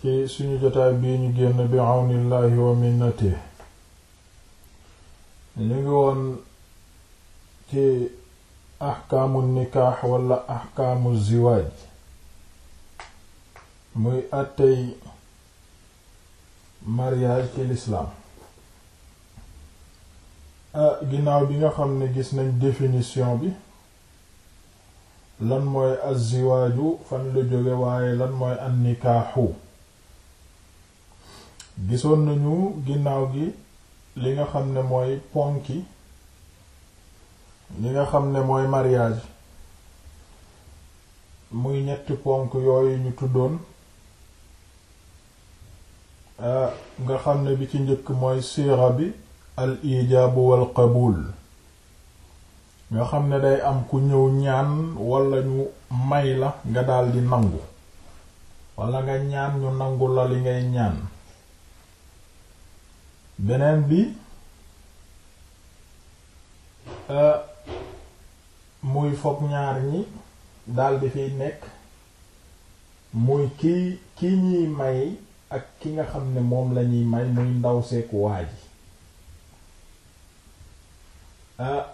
ci suñu jotaay bii ñu génn bi àwnillaahi wa minnati ñu ngi woon ci axkaamu nikaax wala axkaamu ziwaaj muy àttey mariage ci lislaam ah, ginnaaw bi nga xam ne gis nañ définition bi lan mooy az ziwaaju fan la jóge waaye lan mooy an nikaaxu gisoon nañu ginnaaw gi li nga xam ne mooy ponki li nga xam ne mooy mariage muy ñetti ponk yooyu ñu tuddoon ah, nga xam ne bi ci njëkk mooy sira bi al ijaabu wal qabul nga xam ne day am ku ñëw ñaan wala ñu may la nga daldi nangu wala nga ñaan ñu nangu la li ngay ñaan beneen bi euh, muy foog ñaar ñi daldi fiy nekk muy kii ki ñuy may ak ki nga xam ne moom lañuy may muy ndaw seek waa ji euh,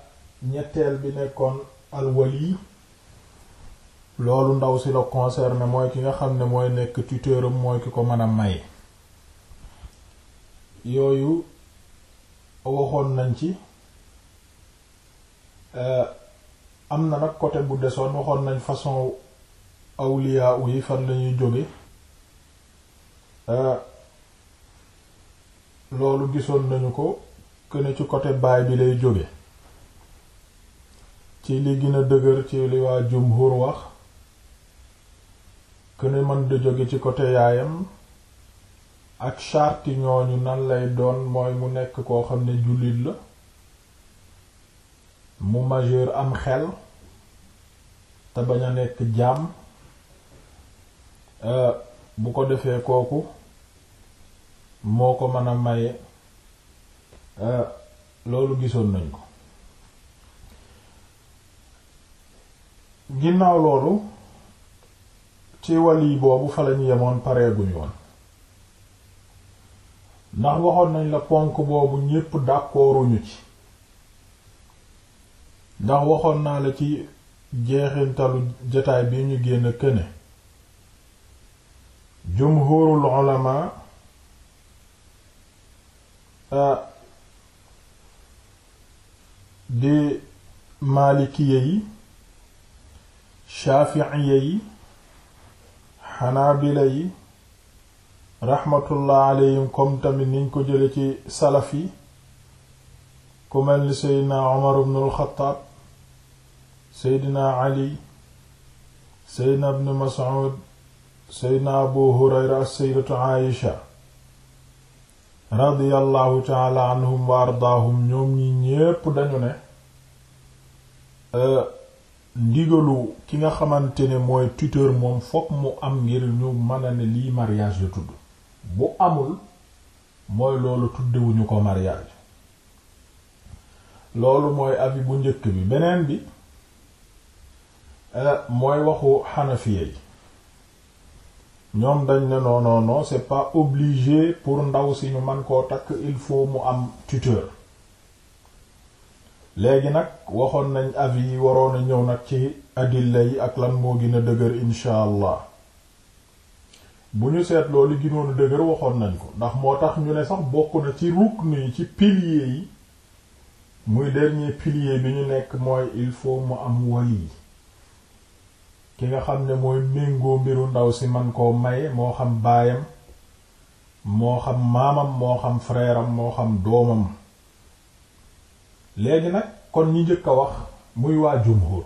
ñetteel bi nekkoon alwali loolu ndaw si la concerné mooy ki nga xam ne mooy nekk tuteuram mooy ki ko mën a may yooyu waxoon nañ ci eh, am na nag côté bu desoon waxoon nañ façon awliya yi fan lañuy jóge eh, loolu gisoon nañu ko këne ci côté baay bi lay jóge ci li gën a dëgër ci li waa jumhur wax këne mën da jóge ci côté yaayam ak charte ñooñu nan lay doon mooy mu nekk koo xam ne jullit la mu majeur am xel te bañ a nekk jaam euh, bu ko defee kooku moo ko mën a maye euh, loolu gisoon nañ ko ginnaaw loolu ci wàll yi boobu fa lañu yemoon pareeguñu woon ndax waxoon nañ la ponk boobu ñépp d'accorduñu ci ndax waxoon naa la ci jeexintalu jotaay bi ñu génn këne jumhurul ulama euh, di maalikiye yi shafi'iye yi xanaabila yi raxmatullah alayhim comme tamit niñ ko jële ci salaf yi ku mel ni seydina Umar ibn al-Khattab seydina Ali seydina ibn Mas'ud seydina Abu Hurayra ak seydatu Aïsha radiyallahu anhum wa ardaahum ñoom ñi ñépp dañu ne euh, ndigalu ki nga xamante ne mooy tuteur moom fokk mu am ngir ñu mën a lii mariage la tudd bu amul mooy loolu tuddewuñu ko mariage loolu mooy avis bu njëkk bi beneen bi euh, mooy waxu xanafiya yi ñoom dañ ne non c'est pas obligé pour ndaw si ñu man koo takk il faut mu am tuteur léegi nag waxoon nañ avis yi waroon a ñëw nag ci adilla yi ak lan moo gën a dëgër incha bu ñu seet loolu ginoonu dëgër waxoon nañ ko ndax moo tax ñu ne sax bokk na ci rukn yi ci pilier yi muy dernier pilier bi ñu nekk mooy il faut mu am wali ki nga xam ne mooy méngoo mbiru ndaw si man koo may moo xam baayam moo xam maamam moo xam frère moo xam doomam léegi nag kon ñi jëkk a wax muy waa jumhur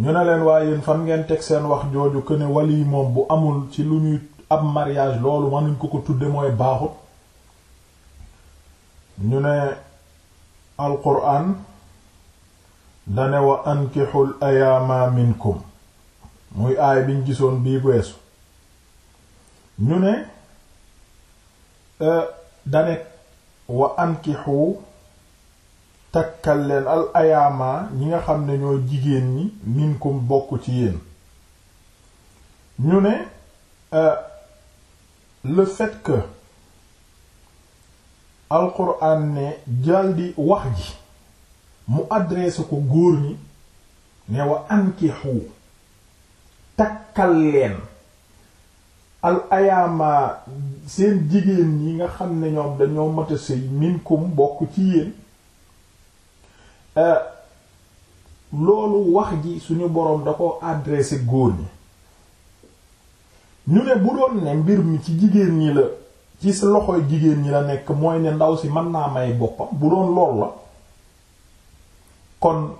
ñu ne leen waaye yéen fan ngeen teg seen wax jooju que ne wali moom bu amul ci lu ñuy ab mariage loolu mënuñ ko ko tudde mooy baaxut ñu ne alquran dane wa ankixul ayaama minkum muy aay biñ gisoon bii weesu ñu ne euh, dane wa ankixu takkal leen al ayaama ñi nga xam ne ñoo jigéen ñi minkum bokk ci yéen ñu ne euh, le fait que alquran ne jaldi wax ji mu adressé ko góor ñi ne wa ankihu takkal leen al ayaama seen jigéen ñi nga xam ne ñoom dañoo mata sëy minkum bokk ci yéen Euh, loolu wax ji suñu boroom da ko adressé góor ñi ñu ne bu doon ne mbir mi ci jigéen ñi la ci sa loxoy jigéen ñi la nekk mooy ne ndaw si mën naa may boppam bu doon lool la kon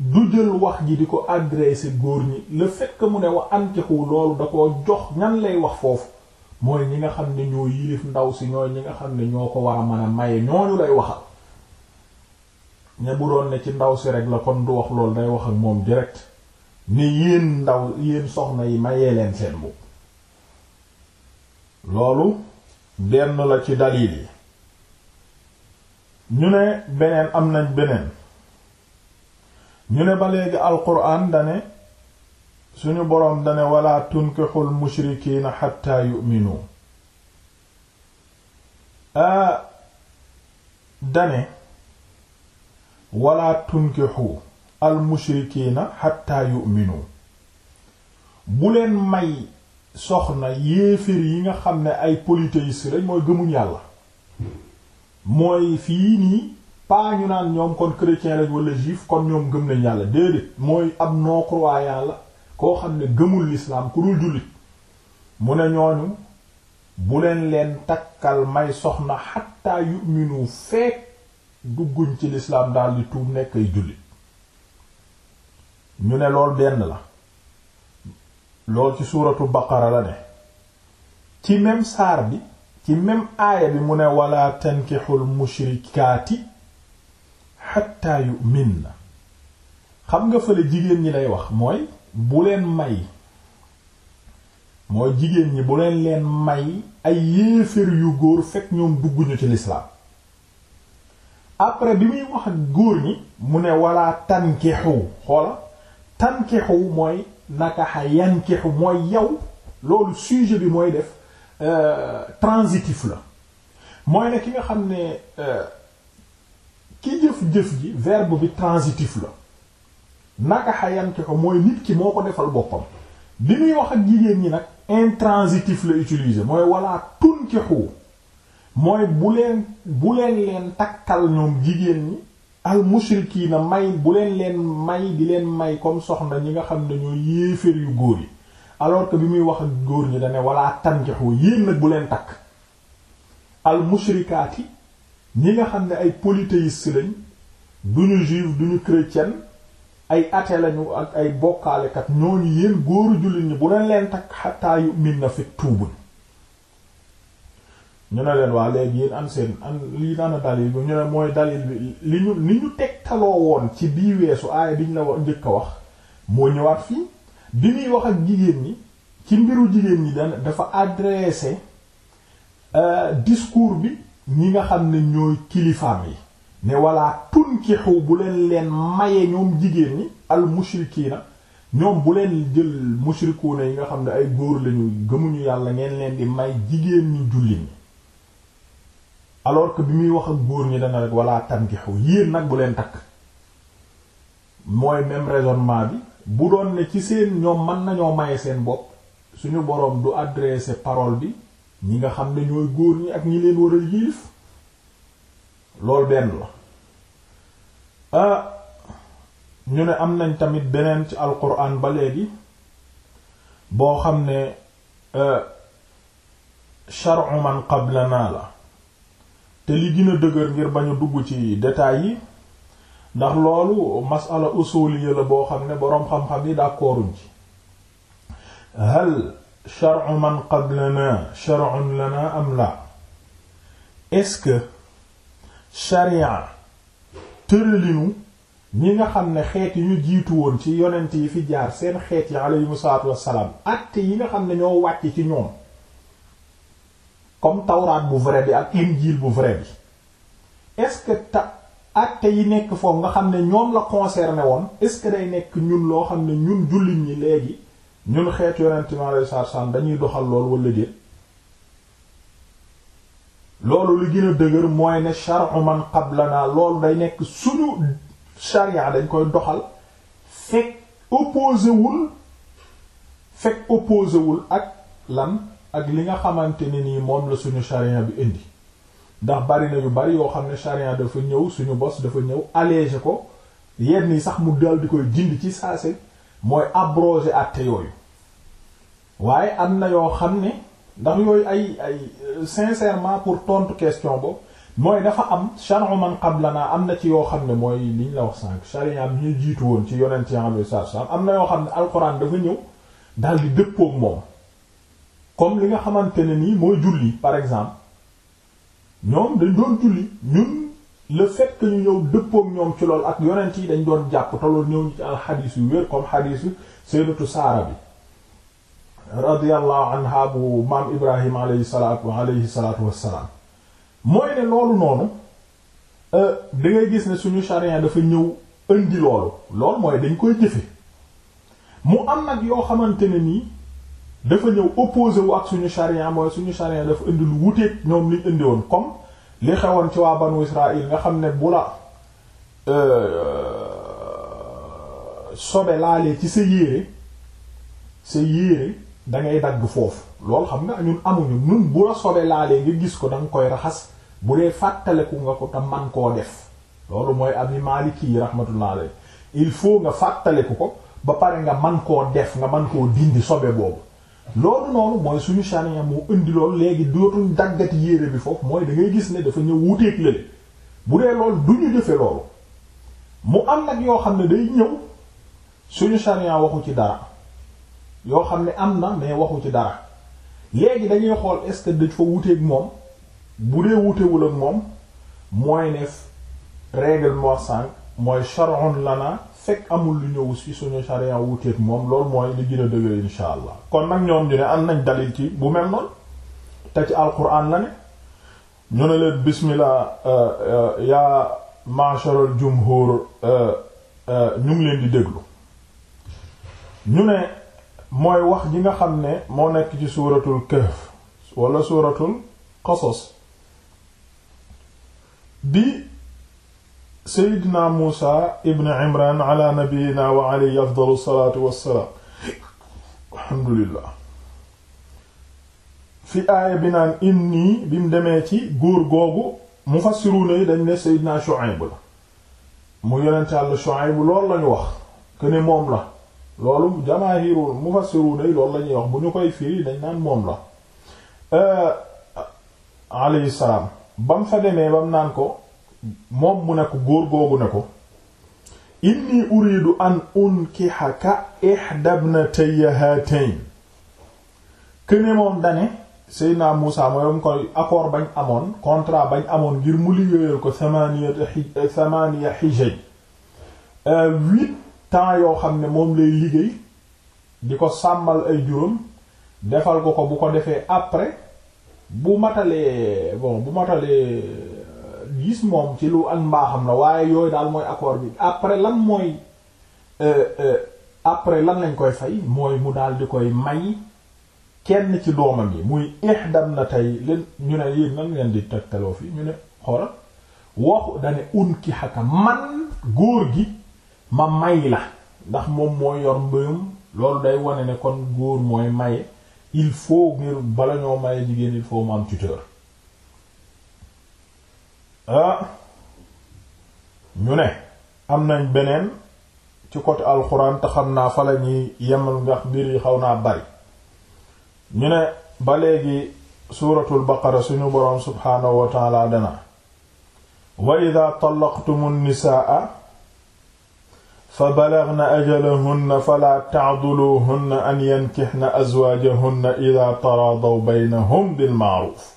du jël wax ji di ko adressé góor ñi la fekk que mu ne wa ankihu loolu da ko jox ñan lay wax foofu mooy ñi nga xam ne ñoo yiif ndaw si ñooy ñi nga xam ne ñoo ko war a mën a maye ñooñu lay waxal ne doon ne ci ndaw si rek la kon du wax loolu day wax moom direct ne yéen ndaw yéen soxna yi mayee leen seen bopp loolu benn la ci dalil yi ñu ne beneen am na beneen ñu ne ba léegi alquran dane suñu boroom dane wala tunkixul mushrikiina xatta yu'minu a ah, dane wala tunkixu almushrikiina xatta yu'minu bu leen may soxna yéeféer yi nga xam ne ay polythéistes lañ mooy gëmuñ yàlla mooy fii nii paa ñu naan ñoom kon chrétien lañ wala juif kon ñoom gëm nañ yàlla déedéet mooy ab non croyant koo xam ne gëmul lislaam ku dul jullit mu ne ñooñu bu leen takkal may soxna xatta yu'minu fekk dugguñ ci lislaam daal di tuub nekk ay jullit ñu ne lool benn la lool ci suuratu baqara la ne ci même saar bi ci même aaya bi mu ne wala tankixul mushrikaati xatta yu'min na xam nga fële jigéen ñi lay wax mooy bu leen may mooy jigéen ñi bu leen leen may ay yéeféer yu góor fekk ñoom dugguñu ci lislaam après bi muy wax góor ñi mu ne wala tankixu xoola tankixu mooy nakaxa yankixu mooy yow loolu sujet bi mooy def euh, transitif la mooy ne ki nga xam ne euh, ki jëf-jëf ji verbe bi transitif la nakaxa yankixu mooy nit ki moo ko defal boppam bi muy wax ak jigéen ñi nag intransitif la utiliser mooy wala tunkixu mooy bu leen leen takkal ñoom jigéen ñi al mushrikiina may bu leen may di leen may comme soxna ñi nga xam ne ñoo yéeféer yu góor yi alors que bi muy wax ak góor ñi dane wala tanjaxu yéen nag bu leen takk al mushrikaati ñi nga xam ne ay polythéistes lañ duñu juif duñu chrétien ay ate lañu ak ay bokkaalekat ñooñu yéen góor jullit ñi bu leen leen takk xataa yu min na fi tuubul ñu ne leen waa léegi yéen am seen am lii daan a dalil bi ñu ne mooy dalil bi li ñu li ñu tegtaloo woon ci bii weesu aaya bi ñu la njëkk a wax moo ñëwaat fii bi ñuy wax ak jigéen ñi ci mbiru jigéen ñi dana dafa adressé euh, discours bi ñi nga xam ne ñooy kilifaam yi ne walla tunkixu bu leen leen maye ñoom jigéen ñi al mushrikiina ñoom bu leen jël mushrikuuna yi nga xam ne ay góor lañu gëmuñu yàlla ngeen leen di may jigéen ñu julli ñi alors que bi muy wax ak góor ñi dana rek wala tankixu yéen nag bu leen takk mooy même raisonnement bi bu doon ne ci seen ñoom mën nañoo maye seen bopp suñu boroom du adressé parole bi ñi nga xam ne ñooy góor ñi ak ñi leen war a yilif loolu benn la ah, ñu ne am nañ tamit beneen ci alquran ba léegi boo xam ne ah, shar'u man qablana la te li gën a dëgër ngir bañu dugg ci détails yi ndax loolu masala usuliya la boo xam ne boroom xam-xam yi d'accorduñ ci hal shar'u man qablana shar'un lana am la est-ce que sharia tëralinu ñi nga xam ne xeet yi ñu jiitu woon ci yonent yi fi jaar seen xeet yi aleyhimu salaatu wassalaam àtte yi nga xam ne ñoo wàcc ci ñoom comme tawraat bu vrai bi ak injiil bu vrai bi est-ce que ta acte yi nekk foofu nga xam ne ñoom la concerné woon est-ce que day nekk ñun loo xam ne ñun jullit ñi léegi ñun xeetu yonent mi alayhi salaatu dañuy doxal lool wala déet loolu li gën a dëgër mooy ne shar'u man qablana loolu day nekk suñu sharia dañ koy doxal fekk opposé wul fekk opposé wul ak lan ak li nga xamante ne nii moom la suñu charia bi indi ndax bari na yu bari yoo xam ne charia dafa ñëw suñu bos dafa ñëw allégé ko yenn yi sax mu dal di koy jindi ci saase mooy abrogé àtte yooyu waaye am na yoo xam ne ndax yooyu ay ay euh, sincèrement pour tontu question boobu mooy dafa am shar'u man naa am na ci yoo xam ne mooy liñ la wax sànq charia bi ñuy jiitu woon ci yonent yi am na yoo xam ne alxuraan dafa ñëw dal di dëppook moom comme li nga xamante ne nii mooy julli par exemple ñoom dañ doon julli ñun le fait ñu ñëw dëppook ñoom ci lool ak yonent yi dañ doon jàpp te ñëw ñu ci al xadiis yu wér comme xadiis yu sayyidatu saara bi radiyallahu anha bu maam ibrahim alayhi salaatu alayhi salaatu wassalaam mooy ne loolu noonu euh, da ngay gis ne suñu charia dafa ñëw indi loolu loolu mooy dañ koy jëfe mu am nag yoo xamante ne nii dafa ñëw opposé wu ak suñu charia mooy suñu charia dafa indi lu wuteeg ñoom liñ indi woon comme li xewoon ci waa banu Israël nga xam ne bu la euh, sobe laalee ci sa yére sa yére da ngay dagg foofu lool xam nga ñun amuñu ñun bu la sobe laalee nga gis ko da koy raxas bu dee fàttaleku nga ko te man koo def loolu mooy ami Maliki yi rahmatullah alayhi il faut nga fàttaleku ko ba pare nga man koo def nga man koo dindi sobe boobu. loolu noonu mooy suñu charia moo indi loolu léegi dootuñ daggati yéere bi foofu mooy da ngay gis ne dafa ñëw wuuteeg lële bu dee loolu du ñu jëfe loolu mu am nag yoo xam ne day ñëw suñu charia waxu ci dara yoo xam ne am na mais waxu ci dara léegi dañuy xool est-ce que dañ moom bu dee wuutewul ak moom mooy ne règlement sànq mooy charon lana fekk amul lu ñëw ci suñu charia wuteek moom loolu mooy li gën a dëgër insha allah kon nag ñoom ñu ne am nañ dalil ci bu mel noonu te ci alquran la ne ñu ne leen bismillah euh, euh, yaa masharal jumhur euh, ñu ngi leen di déglu ñu ne mooy wax ji nga xam ne moo nekk ci suuratul kahf wala suuratul qasas bi seydina muusa ibn imran ala nabiyina wa alayhi afdalu salaatu wassalaam alhamdulillah fi aaya bi naan inni bi mu demee ci góor googu mufassiruuna yi dañ ne seydina Shuayb la mu yonent Yàlla Shuayb loolu lañu wax que ne moom la loolu jamaahiru mufassiruuna yi loolu lañuy wax bu ñu koy firi dañ naan moom la euh, alayhi salaam bam fa demee bam naan ko moom mu ne ko góor googu ne ko inni uridu an na ihda ibnatayya hatayn këne moom dane Seydina Muusa mooyom koy accord bañ amoon contrat bañ amoon ngir mu liggéeyal ko samaniya samaniya hijaj euh, huit temps yoo xam ne moom lay liggéey di ko sàmmal ay juróom defal ko ko bu ko defee après bu matalee bon bu matalee gis moom ci lu ak mbaaxam la waaye yooyu daal mooy accord bi après lan mooy euh, euh, après lan lañ koy fay mooy mu daal di koy may kenn ci doomam yi muy ihdam na tey leen ñu ne yéen nan ngeen di tegtaloo fii ñu ne xoolal waxu dane un ki xaka man góor gi ma may la ndax moom moo yor mbëm loolu day wane ne kon góor mooy maye il faut ngir bala ñoo maye jigéen il faut mu am tuteur ah ñu ne am nañ beneen ci côté alxuraan te xam naa fa la ñuy yemal ndax mbir xaw naa bari ñu ne ba léegi suuratul baqara suñu boroom subhaanahu wa taala dana wa idaa tallaqtumu nisaa fa balaghna ajalahunna fala ta'duluhunna an yankihna azwaajahunna idaa taraadaw baynahum bil ma'ruuf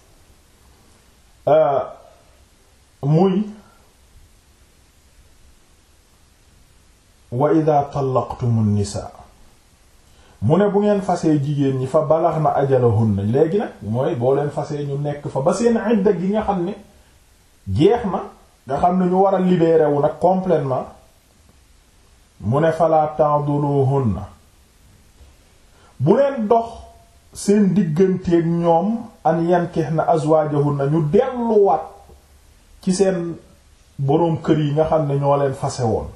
ah, muy wa ida tallaqtumu nisaa mu ne bu ngeen fasee jigéen ñi fa balax na ajalahunna léegi nag mooy boo leen fasee ñu nekk fa ba seen idda gi nga xam ne jeex na nga xam ne ñu war a libéré wu nag complètement mu ne fala ta'duluhunna bu leen dox seen digganteeg ñoom an yankihna azwaajahunna ñu delluwaat ci seen boroom kër yi nga xam ne ñoo leen fase woon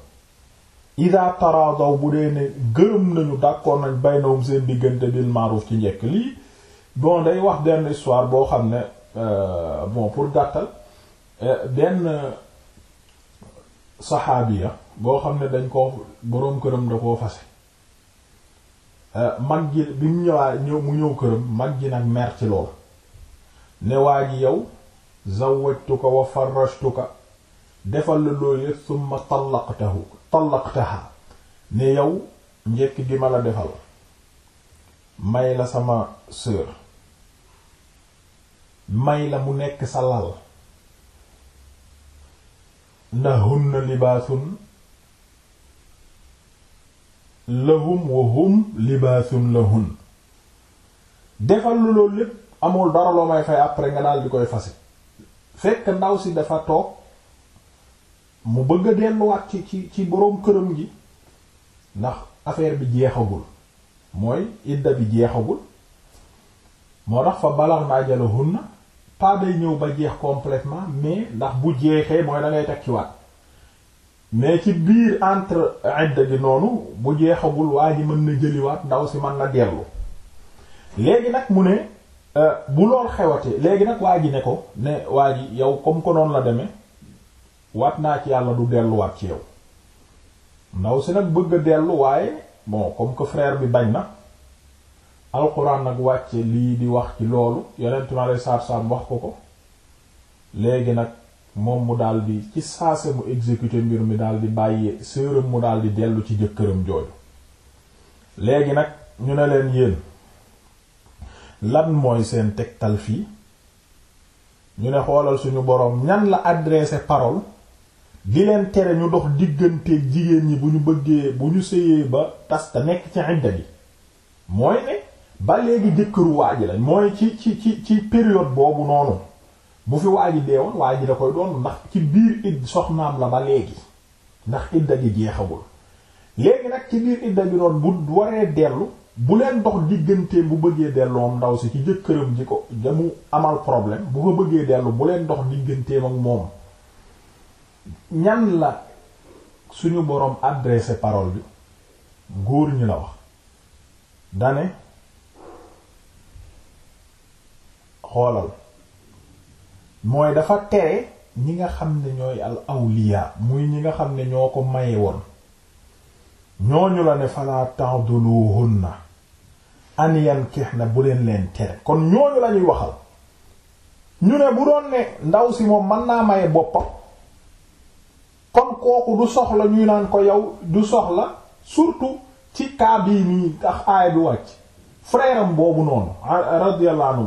ida taradaw bu dee ne gërëm nañu d'accord nañ baynawum seen diggante bil ma'ruf ci njekk lii bon day wax denn histoire boo xam ne euh, bon pour gàttal euh, benn saxaabiya boo xam ne dañ ko boroom këram da koo fase euh, mag ji bi mu ñëwaa ñëw mu ñëw këram mag ji nag mer ci lool ne waa ji yow zawwajtuka wa farrashtuka defal la loolu yëpp summa tallaqtahu tallaqtaha ne yow njëkk gi ma la defal may la sama sœur may la mu nekk sa lal ndax hunna libaasun lahum wa hum libaasun lahun defal la loolu lépp amul dara loo may fay après nga daal di koy fase fekk ndaw si dafa toog mu bëgg a delluwaat ci ci ci boroom këram gi ndax affaire bi jeexagul mooy idda bi jeexagul moo tax fa balax naa jala hunna pas day ñëw ba jeex complètement mais ndax bu jeexee mooy da ngay takkiwaat mais ci biir entre idda gi noonu bu jeexagul waa ji mën na jëliwaat ndaw si mën na dellu léegi nag mu ne Euh, bu lool xewatee léegi nag waa ji ne ko ne waa ji yow comme ko noonu la demee wat naa ci yàlla du delluwaat ci yow ndaw si nag bëgg a dellu waaye bon comme que frère bi bañ na alxuraan nag wàcce lii di wax ci loolu yonent ma lay saab-saab wax ko ko léegi nag moom mu daldi ci saase mu exécuter mbir mi daldi bàyyi séeram mu daldi dellu ci jëkkëram jooju léegi nag ñu ne leen yéen lan mooy seen tegtal fii ñu ne xoolal suñu boroom ñan la adressé parole di leen tere ñu dox digganteeg jigéen ñi bu ñu bëggee bu ñu sëyee ba tas te nekk ci idda bi mooy ne ba léegi jëkkëru waa la mooy ci ci ci ci période boobu noonu bu fi waa ji deewoon waa ji da koy doon ndax ci biir id soxnaam la ba léegi ndax idda gi jeexagul léegi nag ci biir idda gi doon bu waree dellu buleen dox diggante bu bëggee delloom ndaw si ci jëkkëram ji ko damu amal problème bu ko bëggee dellu bu leen dox digganteem ak moom ñan la suñu boroom adressé parole bi góor ñi la wax dane xoolal mooy dafa tere ñi nga xam ne ñooy al awliya muy ñi nga xam ne ñoo ko mayee woon ñooñu la ne fala na keex na bu leen leen tere kon ñooñu lañuy waxal ñu ne bu doon ne ndaw si moom mën naa maye boppam kon kooku du soxla ñuy naan ko yow du soxla surtout ci cas bii nii ndax aaya bi wàcc frère boobu noonu radiyallahu anhu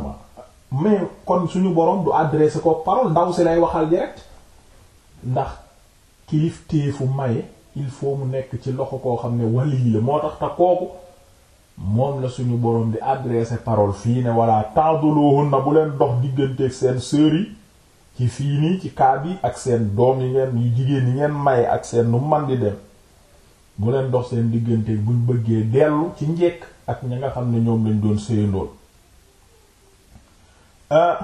mais kon suñu borom du adressé ko parole ndaw si lay waxal direct ndax kilifteefu maye il faut mu nekk ci loxo koo xam ne wali la moo tax te kooku moom la suñu borom di adressé parole fii ne wala ta'duluhunna bu leen dox digganteeg seen sœurs ci fii nii ci kaab yi ak seen doom yi ngeen yu jigéen yi ngeen maye ak seen nu man di dem bu leen dox seen digganteeg buñ bëggee dellu ci njekk ak ñi nga xam ne ñoom lañ doon séyandool euh,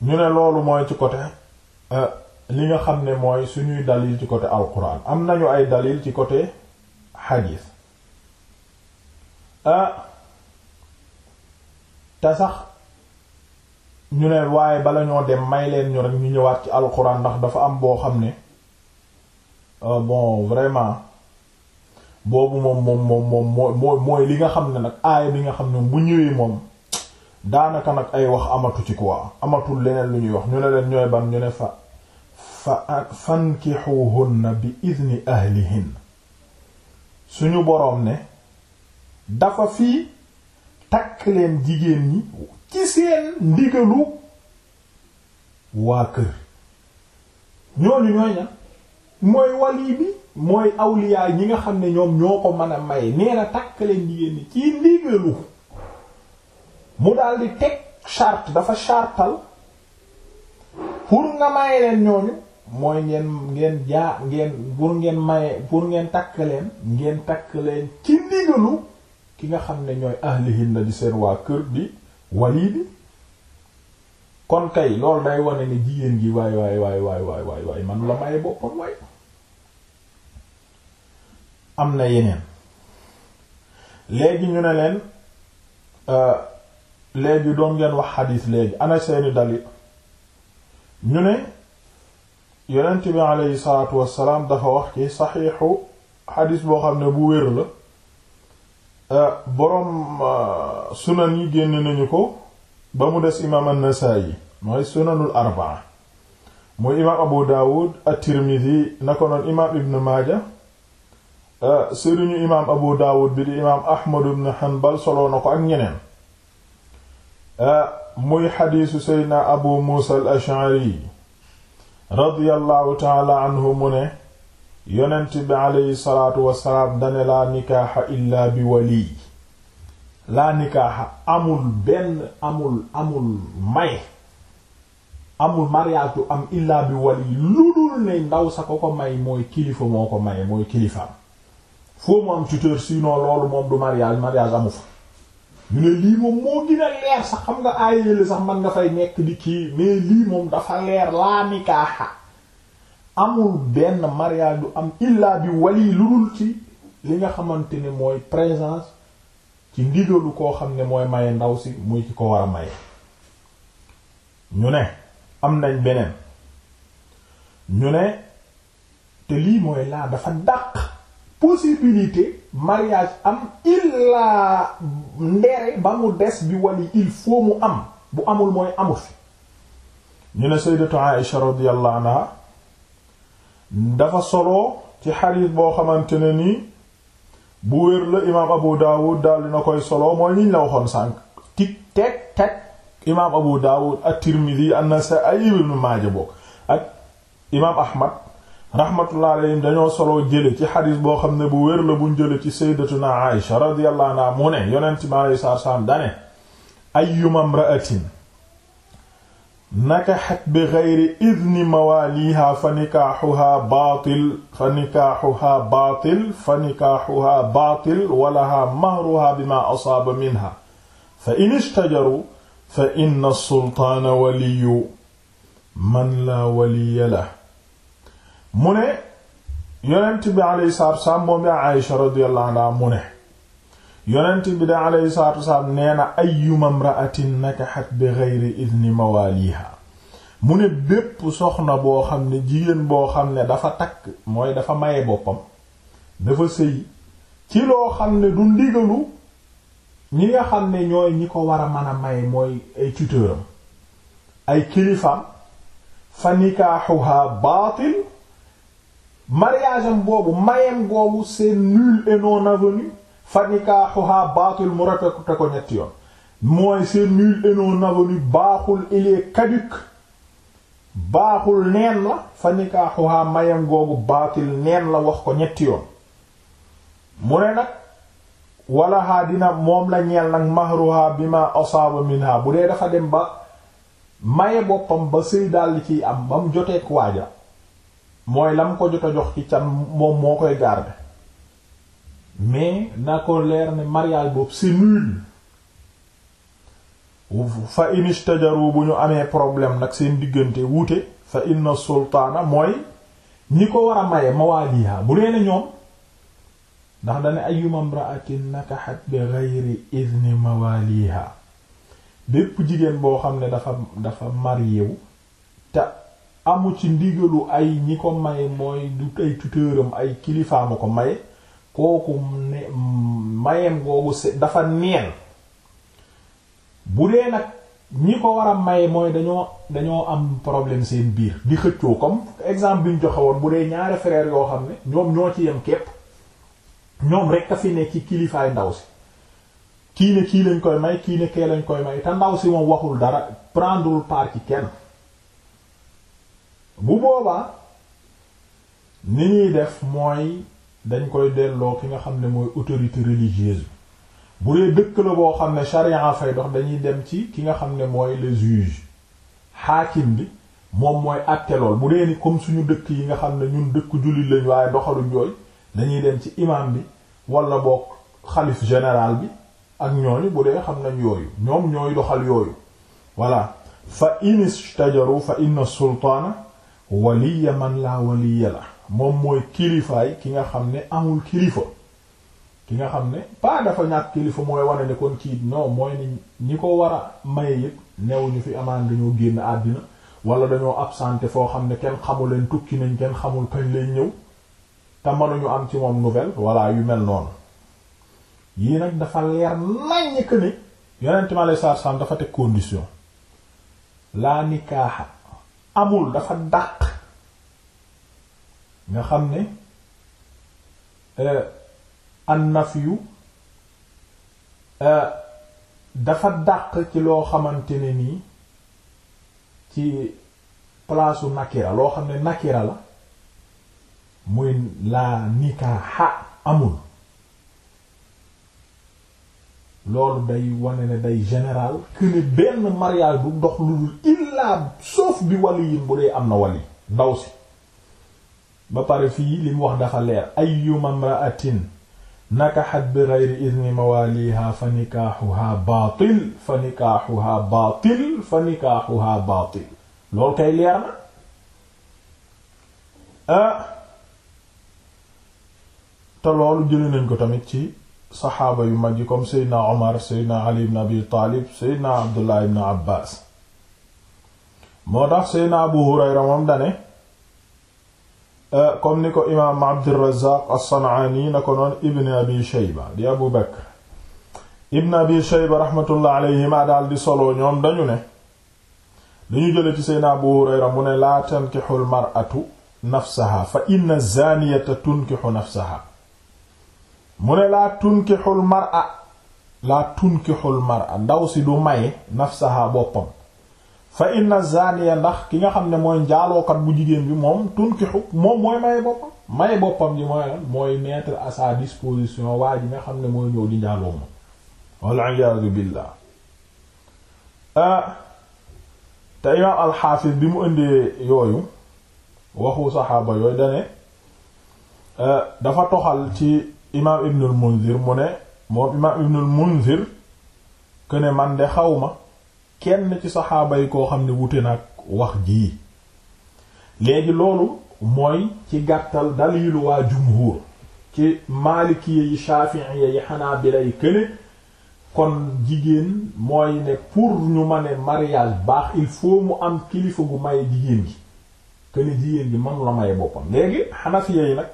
ñu ne loolu mooy ci côté euh, li nga xam ne mooy suñuy dalil ci côté alquran am na nañu ay dalil ci côté hadith ah te sax ñu ne waaye bala ñoo dem may leen ñu rek ñu ñëwaat ci alxuraan ndax dafa am boo xam ne euh, bon vraiment boobu moom moom moom moom mooy li nga xam ne nag aaya bi nga xam ne bu ñëwee moom daanaka nag ay wax amatu ci quoi amatul leneen lu ñuy wax ñu ne leen ñooy ban ñu ne fa fa fankixuhunna bi idni ahlihin suñu boroom ne dafa fii takk leen jigéen ñi ci seen ndigalu waa kër ñooñu ñooy mooy wali mooy awliyaa ñi nga xam ne ñoom ñoo ko mën a may nee na takk leen jigéen ñi ci ndigalu mu daldi teg charte dafa chartal pour nga maye leen ñooñu mooy ngeen ngeen jaa ngeen pour ngeen maye pour ngeen takk leen ngeen takk leen ci ndigalu ki nga xam ne ñooy ahlihinna di seen waa kër bi wali bi kon kay loolu day wane ne jigéen gi waay waay waay waay waay waay waay man la may boppam waay am na yeneen léegi ñu ne leen euh, léegi doom ngeen wax xadiis léegi ana seeni dalil ñu ne yonent bi aleyhi salaatu wassalaam dafa wax ci saxiixu xadiis boo xam ne bu wér la Euh, boroom euh, sunan yi génn nañu ko ba mu des imaam an-Nasaa'i mooy sunanul arbaa muy imaam Abu Dawud at-Tirmidhi na ko noon imaam Ibn Maaja euh, sëriñu imaam Abu Dawud bi di imaam Ahmad ibn Hanbal soloo ko ak ñeneen muy xadiisu Seydina Abu Muusa al-Ash'ari radiyallahu ta'ala anhu mu ne yonent bi aleyhi salaatu wasalaam dane laa nikaaxa illaa bi waliy laa nikaaxa amul benn amul amul may amul mariage du am illaa bi waliy lu dul ne ndaw sa ko ko may mooy kilifa moo ko may mooy kilifaam foo mu am tuteur sinon loolu moom du mariage mariage amu fa ñu ne lii moom moo gën a leer sax xam nga aayéeli sax mën nga fay nekk di kii mais lii moom dafa leer laa nikaaxa amul benn mariage du am illaa bi wali lu dul ci li nga xamante ni mooy présence ci ndigalu koo xam ne mooy maye ndaw si muy ci ko war a maye ñu ne am nañ beneen ñu ne te lii mooy laa dafa dàq possibilité mariage am illaa ndere ba mu des bi wali il faut mu am bu amul mooy amu fi ñu ne sayyidatu Aisha radiyallahu anha dafa solo ci xadiis boo xamante ne nii bu wér la imaam Abu Dawud daal dina koy solo mooy niñ la waxoon sànq tig teg teg imaam Abu Dawud at-Tirmidhi an-Nasa'i ibn Maaja bokk ak imaam Ahmad rahmatullah alayhim dañoo solo jële ci xadiis boo xam ne bu wér bu buñ ci sayyidatuna Aisha radiyallahu anha mu ne yonent mi nakaxat bi geyri idni mawaaliha fa nikaaxuhaa baatil fa nikaaxuhaa baatil fa nikaaxuhaa baatil walaha mahruha bima asaaba minha fa in ishtajaru fa inna sultaana waliyu man laa waliya la mu ne yonent bi alayhi salaatu wa salaam moom yaa Aysha radiyallahu anha mu ne yonent bi da alayhi salaatu wasalaam nee na ayyuma imra'atin nakahat bi ghayri idni mawaliha mu ne bépp soxna boo xam ne jigéen boo xam ne dafa takk mooy dafa maye boppam dafa sëy ci loo xam ne du ndigalu ñi nga xam ne ñooy ñi ko war a mën a may mooy ay tuteuram ay kilifaam fa nikaaxuha baatil mariage am boobu mayem boobu c'est nul et non avenu fa nikaaxuha baatul mu répété ko ñetti yoon mooy c'est nul et non avenu baaxul il est caduc baaxul neen la fa mayam googu baatil neen la wax ko ñetti yoon mu ne nag wala dina moom la ñeel nag mahruha bima asaaba minha bu dee dafa dem ba maye boppam ba sëy dal ciy am ba mu joteek waaja mooy la mu ko jot a jox ci can moom moo koy garder mais na ko leer ne mariage boobu c'est nul fa in istajaru bu ñu amee problème nag seen diggante wuute fa inna sultaana mooy ñi ko war a maye mawaaliha bu leen ñoom ndax dane ayyuma imra'atin nakahat bi ghayri idni mawaaliha bépp jigéen boo xam ne dafa dafa mariéwu te amu ci ndigalu ay ñi ko maye mooy du ay tuteuram ay kilifaamu ko maye kooku ne mayem googu dafa neen bu dee nag ñi ko war a may mooy dañoo dañoo am problème seen biir di xëccoo comme exemple bi joxewoon joxe woon bu dee ñaari frère yoo xam ne ñoom ñoo ci yem képp ñoom rek a fi ne ci kilifaay ndaw si kii ne kii lañ koy may kii ne lañ koy may te ndaw si moom waxul dara prendrewul part ci kenn bu boobaa ni ñuy def mooy dañ koy delloo ki nga xam ne mooy autorité religieuse bi bu dee dëkk la boo xam ne charia fay dox dañuy dem ci ki nga xam ne mooy le juge xaakim bi moom mooy àtte lool bu dee ni comme suñu dëkk yi nga xam ne ñun dëkk jullit lañ waaye doxaluñ yooyu dañuy dem ci imam bi wala boog xalif général bi ak ñooñu bu dee xam nañ yooyu ñoom ñooy doxal yooyu voilà fa in istajaru fa inna sultaana waliya man la waliya la moom mooy kilifaay ki nga xam ne amul kilifa ki nga xam ne pas dafa ñàkk kilifa mooy wane ne kii non mooy ni ñi ko war a maye yëpp newuñu fi amaan dañoo génn àddina wala dañoo absenté foo xam ne kenn xamu leen tukki nañ kenn xamul kañ lay ñëw te mënuñu am ci moom yu mel noonu yii nag dafa leer naññ que ni yonent mi alayhi salaatu salaam teg condition laa nikaaxa amul dafa dàq nga xam ne euh, an nafyu euh, dafa dàq ci loo xamante ne nii ci palaasu nakira loo xam ne nakira la muy laa nikaaxa amul loolu day wane ne day général que benn mariage bu dox lu illaa sauf bi wàllu yi bu dee am na wàll yi ndaw si ba pare fii li mu wax dafa leer ayyuma mra'atin nakaxat bi geyri idni mawaliha fa nikaaxuha baatil fa nikaaxuha baatil fa nikaaxuha baatil loolu kay leer ah, te loolu jële nañ ko tamit ci saxaaba yu mag yi seydna omar seydna ali ibn abi taalib seydna abdullah ibn abbas moo tax seydna abu hurayra moom dane Euh, comme ni ko imaam Abdurrazzaq as na ko noon Ibn Abi Shayba di Abu Bakr Ibn Abi Shayba rahmatullah daal di solo ñoom dañu ne dañu jële ci Seydina Abu Hurayra mu ne laa fa inna zaaniyata tunkixu nafsaha laa tunkixul mar'a ndaw si du maye nafsaha boppam fa inna zaniya ndax ki nga xam ne mooy njaalookat bu jigéen bi moom tunkixu moom mooy maye boppam maye boppam ji mooy mooy mettre à disposition waa ji nga xam ne mooy ñëw di njaaloo moom wal billah ah, te imaam alxaafis bi mu indee yooyu waxu saxaaba yooyu dane ah, dafa toxal ci imaam ibnul munzir mu ne moom imaam ibnul munzir que ne man de xaw ma kenn ci saxaaba yi koo xam ne wute nag wax jii léegi loolu mooy ci gàttal dalilu waa jumhur ci maalikiye yi shafiiye yi xanaa bi lay këne kon jigéen mooy ne pour ñu ma ne mariage baax il faut mu am kilifa gu may jigéen gi këne jigéen gi manu la may boppam léegi xanafiye yi nag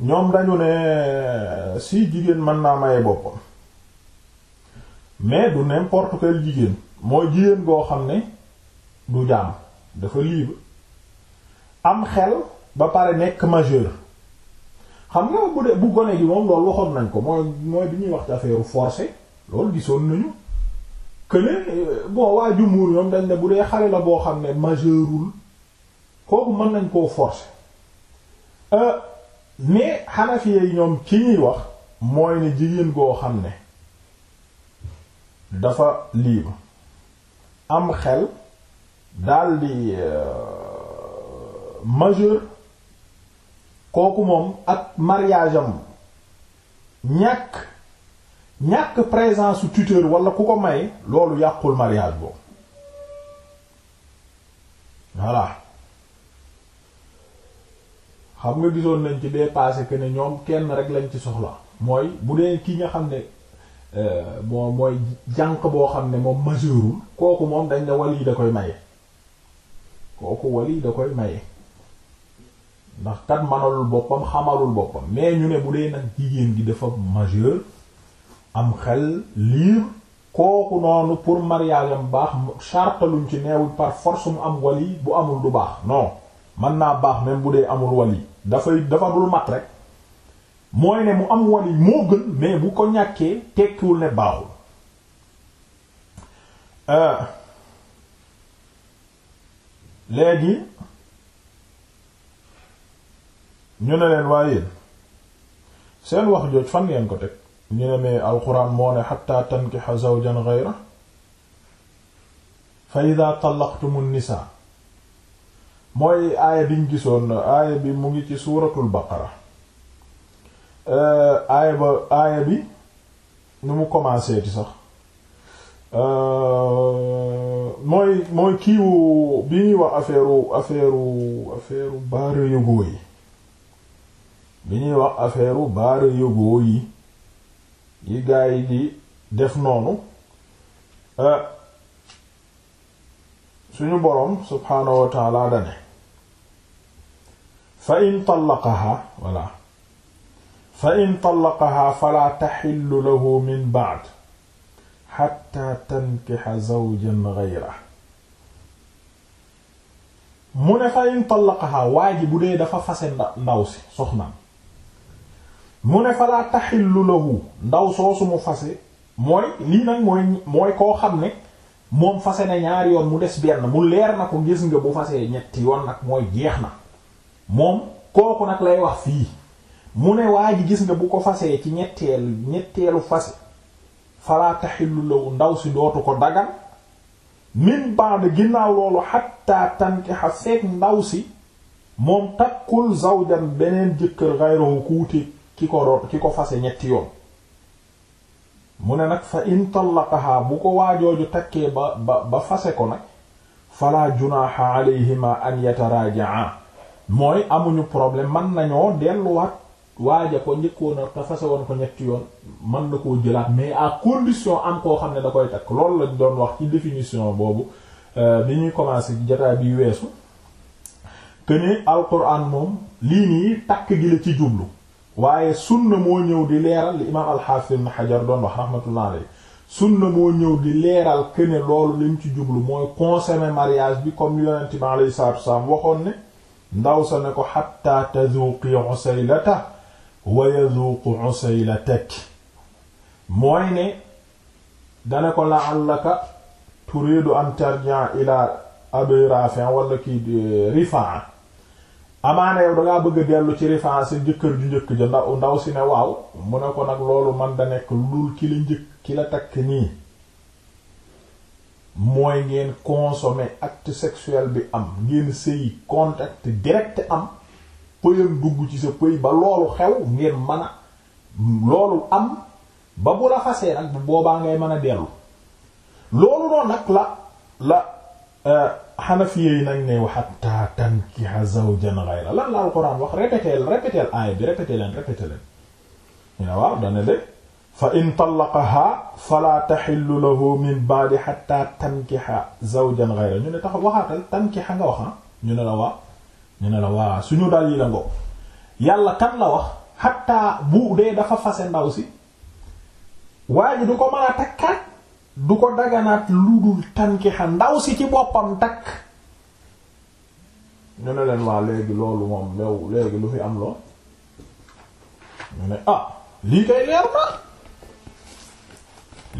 ñoom dañu ne si jigéen mën naa maye boppam mais du n'importe quel jigéen moo jigéen goo xam ne du jaam dafa libre am xel ba pare nekk majeur xam nga bu dee bu gone gi moom loolu waxoon nañ ko mooy mooy bi ñuy wax ci affaire forcé loolu gisoon nañu que ne euh, bon waa jumuur ñoom dañ ne bu dee xale la goo xam ne majeurul kooku mën nañ koo forcer euh, mais xanafiye yi ñoom ki ñuy wax mooy ne jigéen goo xam ne dafa libre am xel daldi euh, majeur kooku moom ak mariage am ñàkk ñàkk présence su tuteur wala ku ko may loolu yàqul mariage boobu voilà xam nga gisoon nañ ci dépassé que ne ñoom kenn rek lañ ci soxla mooy bu dee kii nga xam ne bon euh, mooy jànq boo xam ne moom majeurul kooku moom dañ ne wali da koy maye kooku wali da koy maye ndax kat manalul boppam xamalul boppam mais ñu ne bu dee nag jigéen gi dafa majeur am xel libre kooku noonu pour mariage am baax charte luñ ci neewul par force mu am wali bu amul du baax non mën naa baax même bu dee amul wali dafay dafa dul mat rek mooy ne mu am wali moo gën mais bu ko ñàkkee tekkiwul ne baaxul euh, léegi ñu ne leen waaye seen wax jooj fan ngeen ko teg ñu ne mais alquran moo ne xatta tankixa zawjan ghayra fa ida talaqtumu nisaa mooy aaya biñ gisoon aaya bi mu ngi ci suuratul baqara Euh, aaya ba aaya bi nu mu commencé ti sax euh, mooy mooy kiiwu bi ñuy wax affaire affaire affaire baara yógoo yi bi ñuy wax affaire baare yógoo yi yi gaay yi di def noonu euh, suñu boroom subhaanahu wa taala dane fa in tallaqaha voilà fa in tallaqahaa falaa taxillu lahu min ba'd xatta tankixa zawjan gayra mu ne fa in tallaqahaa waa dee dafa fase ndaw si soxnaam mu ne falaa taxillu lahu ndaw soosu mu fase mooy lii nag mooy mooy koo xam ne moom fase na ñaari yoon mu des benn mu leer na ko gis nga bu fase ñetti yoon nag mooy jeex na moom kooku nag lay wax fii mu ne waa gis nga bu ko fasee ci ñetteel ñetteelu fase falaa taxillu lawu ndaw si dootu ko dagan min ba'd ginnaaw loolu xatta tankixa seeg ndaw si moom takkul zawjan beneen jëkkër gayrahu ku wute ki ko doon fase ñetti yoon mu ne fa in tallaqahaa bu ko waajooju takkee ba ba fase ko nag fala junaaxa alayhima an yataraaja'a mooy amuñu problème man nañoo delluwaat waaja ko njëkkoon a te woon ko ñetti yoon man na koo jëlaat mais à condition am koo xam ne da koy takk loolu lañu doon wax ci définition boobu euh, bi ñuy commencé jotaay bi weesu que ni alquran moom lii nii takk gi la ci jublu waaye sunna moo ñëw di leeral li imaam alxaafis ibn xajar doon wax rahmatullah alayhi sunna moo ñëw di leeral que ne loolu lim ci jublu mooy consommer mariage bi comme yonent bi alayhi salaatu wasalaam waxoon ne ndaw sa ne ko xatta tazuqi wa yazuuqu usaylatak mooy ne dana ko la'allaka turiidu an tarji'a ilaa abi rafi' wala kii eh, rifaa amaana dangaa bëgg dellu ci rifaa sa jëkkër ju njëkk ja ndaw ndaw si ne waaw mu ne ko nag loolu man da nekk lul ki la njëkk ki la takk nii mooy ngeen consommer acte sexuel bi am ngeen sëy contact direct am pëyam dugg ci sa pëy ba loolu xew ngeen mën loolu am ba bu raxasee nag bu boobaa ngay mën a dellu loolu noonu nag la la xanafiye euh, yi nañ ne wa hatta tankiha zawjan ghayra la la alquran wax répété répété aaya bi répété leen répété leen ñu ne waaw dana de fa in tallaqaha fala tahillu lahu min ba'di hatta tankiha zawjan ghayra ñu ne tax waxaatal tankiha nga wax ah? ñu ne la waaw ñu ne la waa suñu dal yi la ngo yàlla kan la wax xatta bu dee dafa fase ndaw si waaye du ko mën a takkaat du ko daganaat lu dul tankixa ndaw si ci boppam takk ñu ne leen waa léegi loolu moom léegi lu fi am lool ñu ne ah lii kay leer na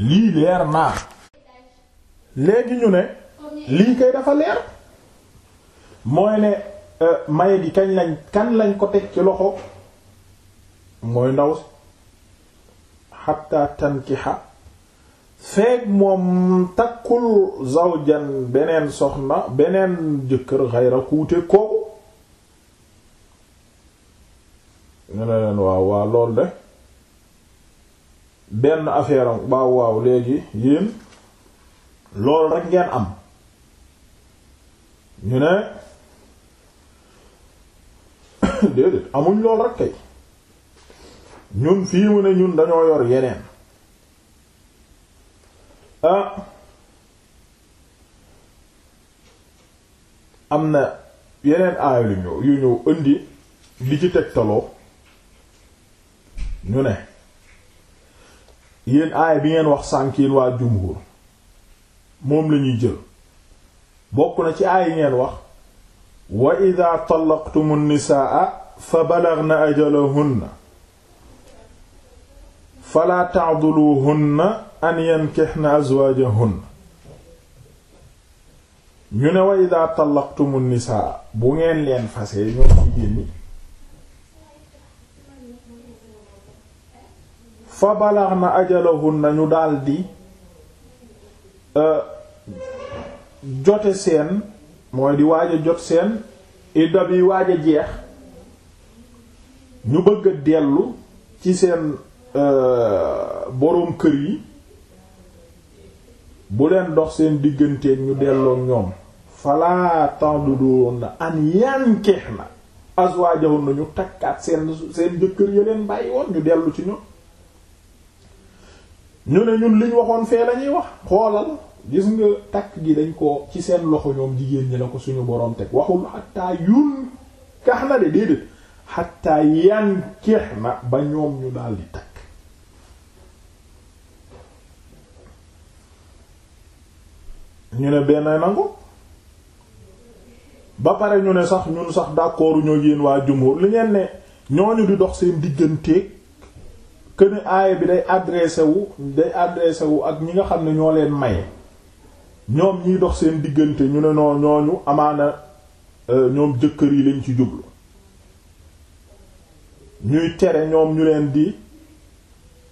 lii leer naa léegi ñu ne lii kay dafa leer mooy ne Euh, maye gi kañ lañ kan lañ ko teg ci loxo mooy ndaw si xatta xa feeg moom takkul zawjan beneen soxna beneen jëkkër xayra kuute kooku ñu ne leen waaw waa lool de benn affaire am waaw léegi yéen lool rek ngeen am ñu ne déedéet amuñ lool rek kay ñun fii mu ne ñun dañoo yor yeneen ah, am na yeneen aaya lu yu ñëw indi li ci tegtaloo ñu ne yéen aaya bi ngeen wax sànk waa jumhur moom la ñuy jël bokk na ci aaya yi ngeen wax wa idaa tallaqtumu nisaa fa balaghna ajalahunna falaa ta'duluhunna an yankihna azwaajahunna ñu ne wa idaa tallaqtumu nisaa bu ngeen leen fase ñoom jigéen ñi fa balaghna ajalahunna ñu daldi euh, jote seen mooy di waaj jot seen idda bi waaj a jeex ñu bëgg a dellu ci seen euh, boroom kër yi bu leen dox seen digganteeg ñu delloo ñoom falaa tendudoon na an yankeex na azwaajahun na ñu takkaat seen seen jëkkër ya leen bàyyi woon ñu dellu ci ñoom ñu ne ñun liñ waxoon fee lañuy wax xoolal gis nga takk gi dañ ko ci seen loxo ñoom jigéen ñi la ko suñu boroom teg waxul xattaa yun kax na de déedéet xattaa yan keex na ba ñoom ñu daal di takk ñu ne benn nangu ba pare ñu ne sax ñun sax d'accord ñoo yéen waa jumhur li ngeen ne ñooñu di dox seen digganteeg que ne aaya bi day adressé wu day adressé ak ñi nga xam ne ñoo leen may ñoom ñiy dox seen diggante ñu ne noo ñooñu amaana euh, ñoom jëkkër yi lañ ci jublu ñuy tere ñoom ñu leen di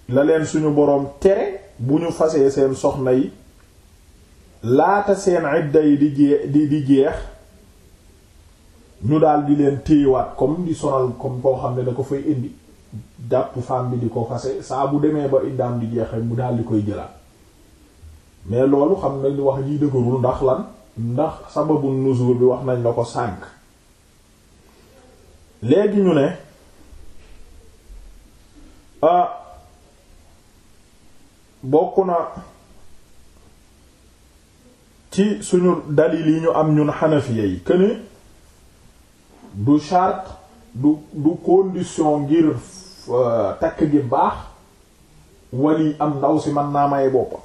la leen suñu boroom tere bu ñu fasee seen soxna yi laata seen idda yi di jee jeex ñu daal di leen téyewaat comme di sonal comme koo xam ne da ko fay indi jàpp femme bi di ko fase saa bu demee ba iddaam di jeex rek mu daal di koy jëlaat mais loolu xam nañ wax yi dëgërul ndax lan ndax sababu nuzul bi wax nañ la ko sànk léegi ñu ne ah bokk na ci suñu dalil yi ñu am ñun xanafiya yi këne du charte du du condition ngir euh, takk gi baax wali am ndaw si mën naa may boppam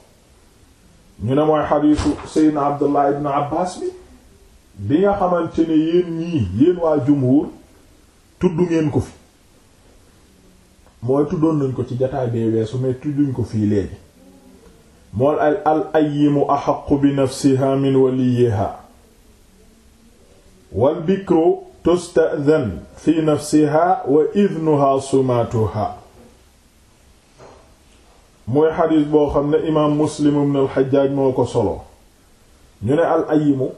ñu ne mooy xadiisu seydna abdullah ibn abbas bi bi nga xamante ne yéen ñii yéen waa jumhur tudd ngeen ko fi mooy tuddoon nañ ko ci jataay bee weesu mais tudduñ ko fii léegi mool al al ayyimu axaqu bi nafsiha min waliyiha wal bikru tusta'zan fi nafsiha wa idnuha sumatuha mooy xadis boo xam ne imaam muslim ibn al-Hajjaj moo ko solo ñu ne al ayimu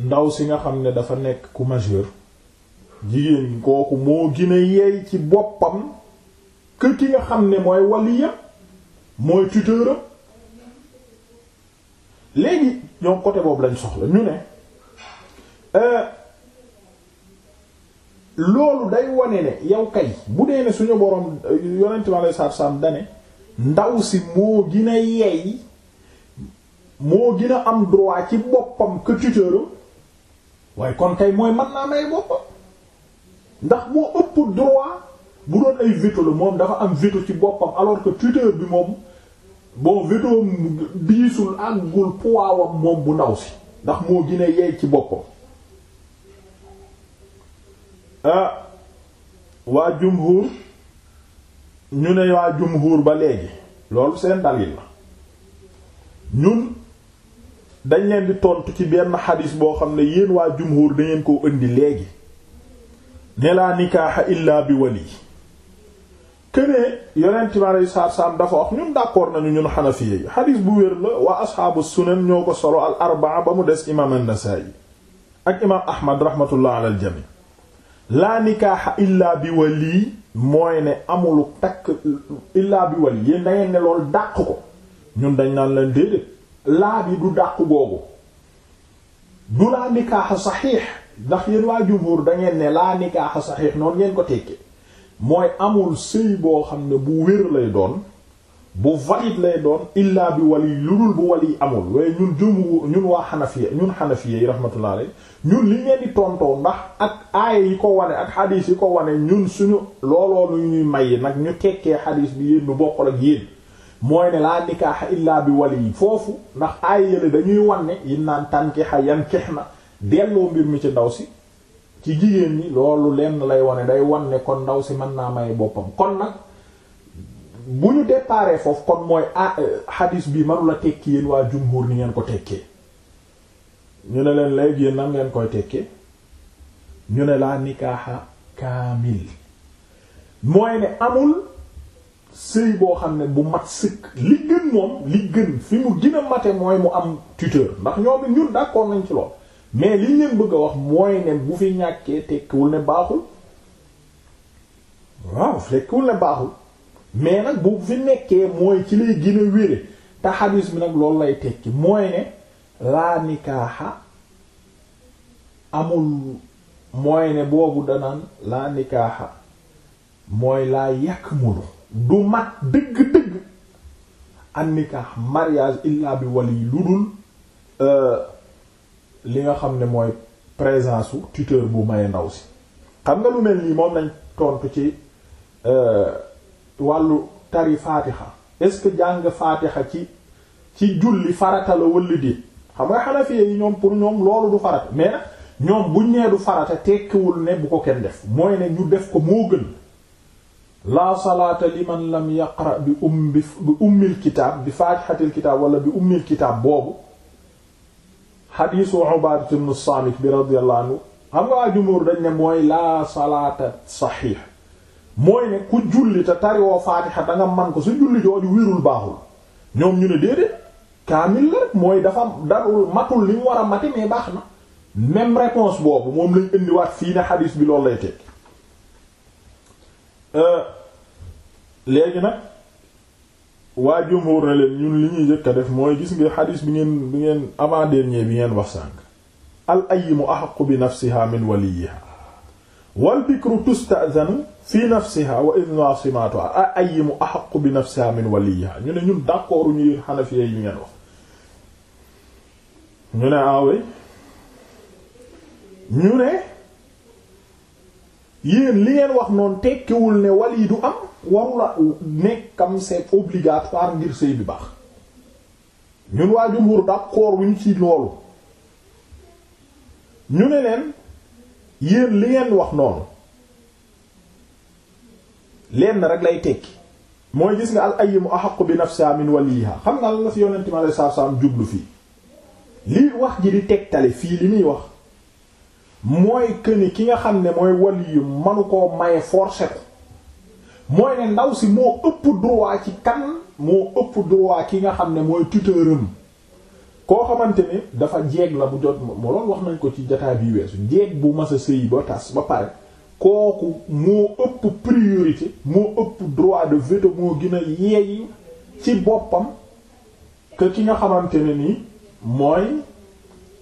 ndaw si nga xam ne dafa nekk ku majeur jigéen kooku moo gën a yeey ci boppam que ki nga xam ne mooy waliya mooy tuteur léegi ñoom côté boobu lañ soxla ñu ne euh, loolu day wane ne yow kay bu dee ne suñu borom yonent bi alayhi salaatu salaam dane ndaw si moo gën a yey moo gën am droit ci boppam que tuteuram waaye kon tey mooy man naa may boppam ndax moo ëpp droit bu doon ay veto la moom dafa am veto ci boppam alors que tuteur bi moom bon veto diisul àggul poiwam moom bu ndaw si ndax moo gën a yey ci boppam ah, waa jumhur ñu ne waa jumhuur ba léegi loolu seen dalil la ñun dañ leen di tontu ci benn xadis boo xam ne yéen waa jumhuur dangeen koo indi léegi ne laa nikaaxa illa bi wali kënee yonent mi aleyhi salaatu salaam dafa wax ñun d'accord nañu ñun xanafiya yi xadis bu wér la waa asxaabu sunan ñoo ko solo al arbaa ba mu des imaam an-Nasaa'i ak imaam Ahmad rahmatullah ala al jami laa nikaaxa illaa bi wali mooy ne amul takk illaa bi wal yéen da ngeen ne lool dàq ko ñun dañ naan leen déedéet laa bi du dàq googu du laa nikaaxa saxiix ndax yéen waa jumhur da ngeen ne laa nikaaxa saxiix noonu ngeen ko tekke mooy amul sëy boo xam ne bu wér lay doon bu valide lay doon illa bi wali lu dul bu wali amul waaye ñun jumbu ñun waa xanafiya ñun xanafiya yi rahmatullah ñun li ngeen di tontoo ndax ak aaya yi ko wane ak xadiis yi ko wane ñun suñu looloo nu ñuy may nag ñu tekkee xadiis bi yéen ñu bokkul ak yéen mooy ne laa nikaaxa illa bi wali foofu ndax aaya yële dañuy wanne yin naan tànkixa yan kex na delloo mbir mi ci ndaw si ci jigéen ñi loolu lenn lay wane day wanne kon ndaw si mën naa may boppam kon nag bu ñu déparé foofu kon mooy ah euh, hadis bi mënu la tekki yéen waa jumhur ni ngeen ko tekkee ñu ne leen léegi yéen nan ngeen ñu ne laa nikaaxa kaamil mooy ne amul sëy boo xam ne bu mat sëkk li gën moom li gën fi mu gën mate mooy mu am tuteur ndax ñoom it ñun d'accord nañ ci lool mais li leen bëgg a wax mooy ne bu fi ñàkkee tekkiwul ne baaxul waaw tekkiwul ne baaxul mais nag bu fi nekkee mooy ci lay gën a wére te bi nag loolu lay tekki mooy ne laa nikaaxa amul mooy ne boobu danaan laa nikaaxa mooy laa yàq mulu du mat dëgg mariage illa bi wali lu dul euh, li nga xam ne mooy présence su tuteur bu maye ndaw si xam nga lu mel nii moom lañ tontu ci euh, wàllu tari faatixa est-ce que jàng faatixa ci ci julli farata la walla déet xam nga xanafiye yi ñoom pour ñoom loolu du farata mais ñoom bu nee du farata tekkiwul ne bu ko kenn def mooy ne ñu def ko moo gën laa salaata liman lam yaqra bi um bi ummil kitaab bi faatihatil kitaab wala bi ummil kitaab boobu xadiisu Ubaadatu ibn Saamit bi radiyallahu anhu xam dañ ne mooy laa salaata saxiix mooy ne ku julli te tariwoo faatixa da man ko su julli jooju wérul baaxul ñoom ñu ne déedéet kaamil la rek mooy dafa darul matul li mu war a mati mais baax na même réponse boobu moom lañ indiwaat fii ne xadiis bi loolu lay tekki euh, léegi nag waa jumhur na leen ñun li ñuy jëkk def mooy gis nga xadiis bi ngeen bi ngeen avant dernier bi ngeen wax sànk al mu ahqqu bi nafsiha min waliyiha wal bikru fi nafsiha wa idnu asimatuha a ayyimu ahaqqu bi nafsiha min waliha ñu ne ñun d'accord ñu xanafiye yu ngeen ñu ne awey ah ñu ne yéen li ngeen wax noon tekkiwul ne wal yi du am warula nekkam c'est obligatoire ngir sëy bi baax ñun waa jumhur d'accord wuñ ci loolu ñu ne leen yéen li ngeen wax noonu lenn rek lay tekki mooy gis nga al ayyimu ahaqqu bi nafsiha min waliha xam nga la fi yonente mi alei satu salaam jublu fii lii wax ji di tegtale fii li muy wax mooy këni ki nga xam ne mooy waliyu manu koo maye forcé ko mooy ne ndaw si moo ëpp droit ci kan moo ëpp droit ki nga xam ne mooy tuteuram koo xamante ni dafa jeeg la bu jot moo loolu wax nañ ko ci jataay bi weesu jeeg bu mas a sëyi ba tas ba pare kooku moo ëpp priorité moo ëpp droit de veto moo gën a yeey ci boppam ki nga xamante ne nii mooy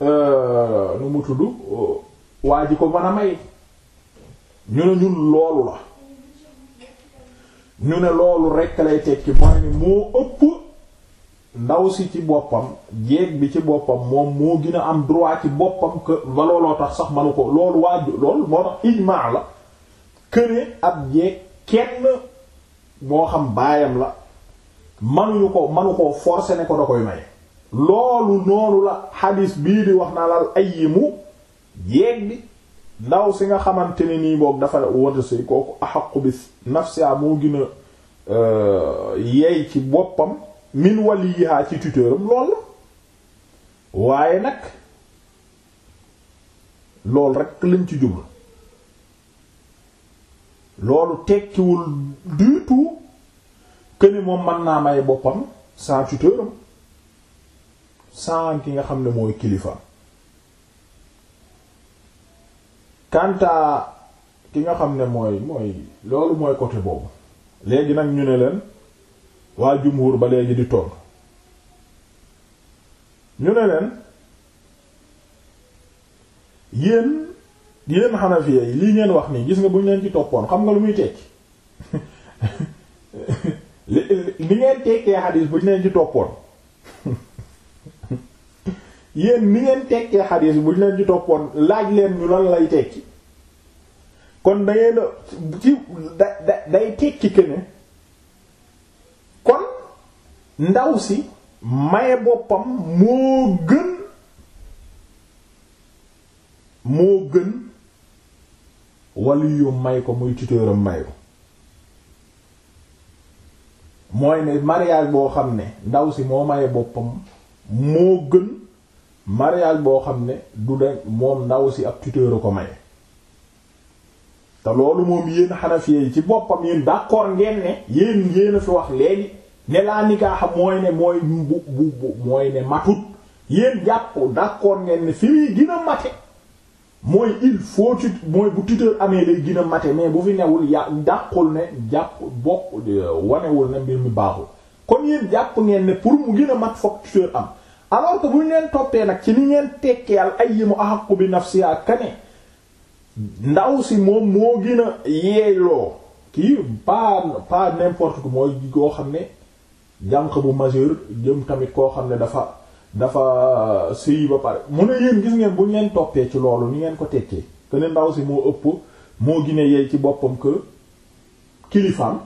euh, nu mu tudd euh, waa ji ko mën a may ñu ne ñun loolu la ñu ne loolu rekk lay tekki mooy ni moo ëpp ndaw si ci boppam jeeg bi ci boppam moom moo gën a am droit ci boppam que ba looloo tax sax manu ko loolu waaju loolu moo tax ijmaa la këne ab jeeg kenn moo xam baayam la manuñu ko manu koo forcer ne ko da koy maye loolu noonu la xadiis bii di wax naa lal ay yimu jeeg bi ndaw si nga xamante ne nii boog dafa wata sëy kooku axaqu bi nafsi moo gën a euh, yey ci boppam min waliyihaa ci tuteuram lool la waaye nag loolu rekk lañ ci jublu loolu tekkiwul du tout que moom mën naa may boppam sans tuteuram sans ki nga xam ne mooy kilifa kanta ki nga xam ne mooy mooy loolu mooy côté boobu léegi nag ñu ne leen waa jumhur ba léegi di tong ñu ne leen yéen yéen xanafiya yi lii ngeen wax nii gis nga bu ñu leen ci toppoon xam nga lu muy tekki li ngeen tekkee xadiis bu ñu leen ci yéen ni ngeen tekkee xadiis bu ñu leen ci toppoon laaj leen ñu lan lay tekki kon da ngeen da day tekki ke ndaw si maye boppam moo gën moo gën waliyu may ko muy tuteuram may ko mooy ne mariage boo xam ne ndaw si moo maye boppam moo gën mariage boo xam ne du de moom ndaw si ak tuteur ko maye te loolu moom yéen xanafiye yi ci boppam yéen d'accord ngeen ne yéen yéen a fi wax léegi ne laa xam mooy ne mooy ñu bu bu bu mooy ne matut yéen jàpp d'accord ngeen ne fi muy gën mate mooy il faut tu mooy bu tuteur amee lay gën mate mais bu fi newul ya dàqul ne jàpp bokk euh, wanewul ne mbir mi baaxul kon yéen jàpp ngeen ne pour mu gën a mat fokk tuteur am alors que bu ñu leen toppee nag ci ni ngeen al ay yi mu axaqu bi nafsiha kane ndaw si moom moo gën a yeeloo kii pas pas n'importe quoi mooy koo xam ne jànq bu majeur jëm tamit koo xam ne dafa dafa sëyi ba pare mu ne yéen gis ngeen bu ngeen toppee ci loolu ni ngeen ko tekkee que ne ndaw si moo ëpp moo gine yey ci boppam que kilifaam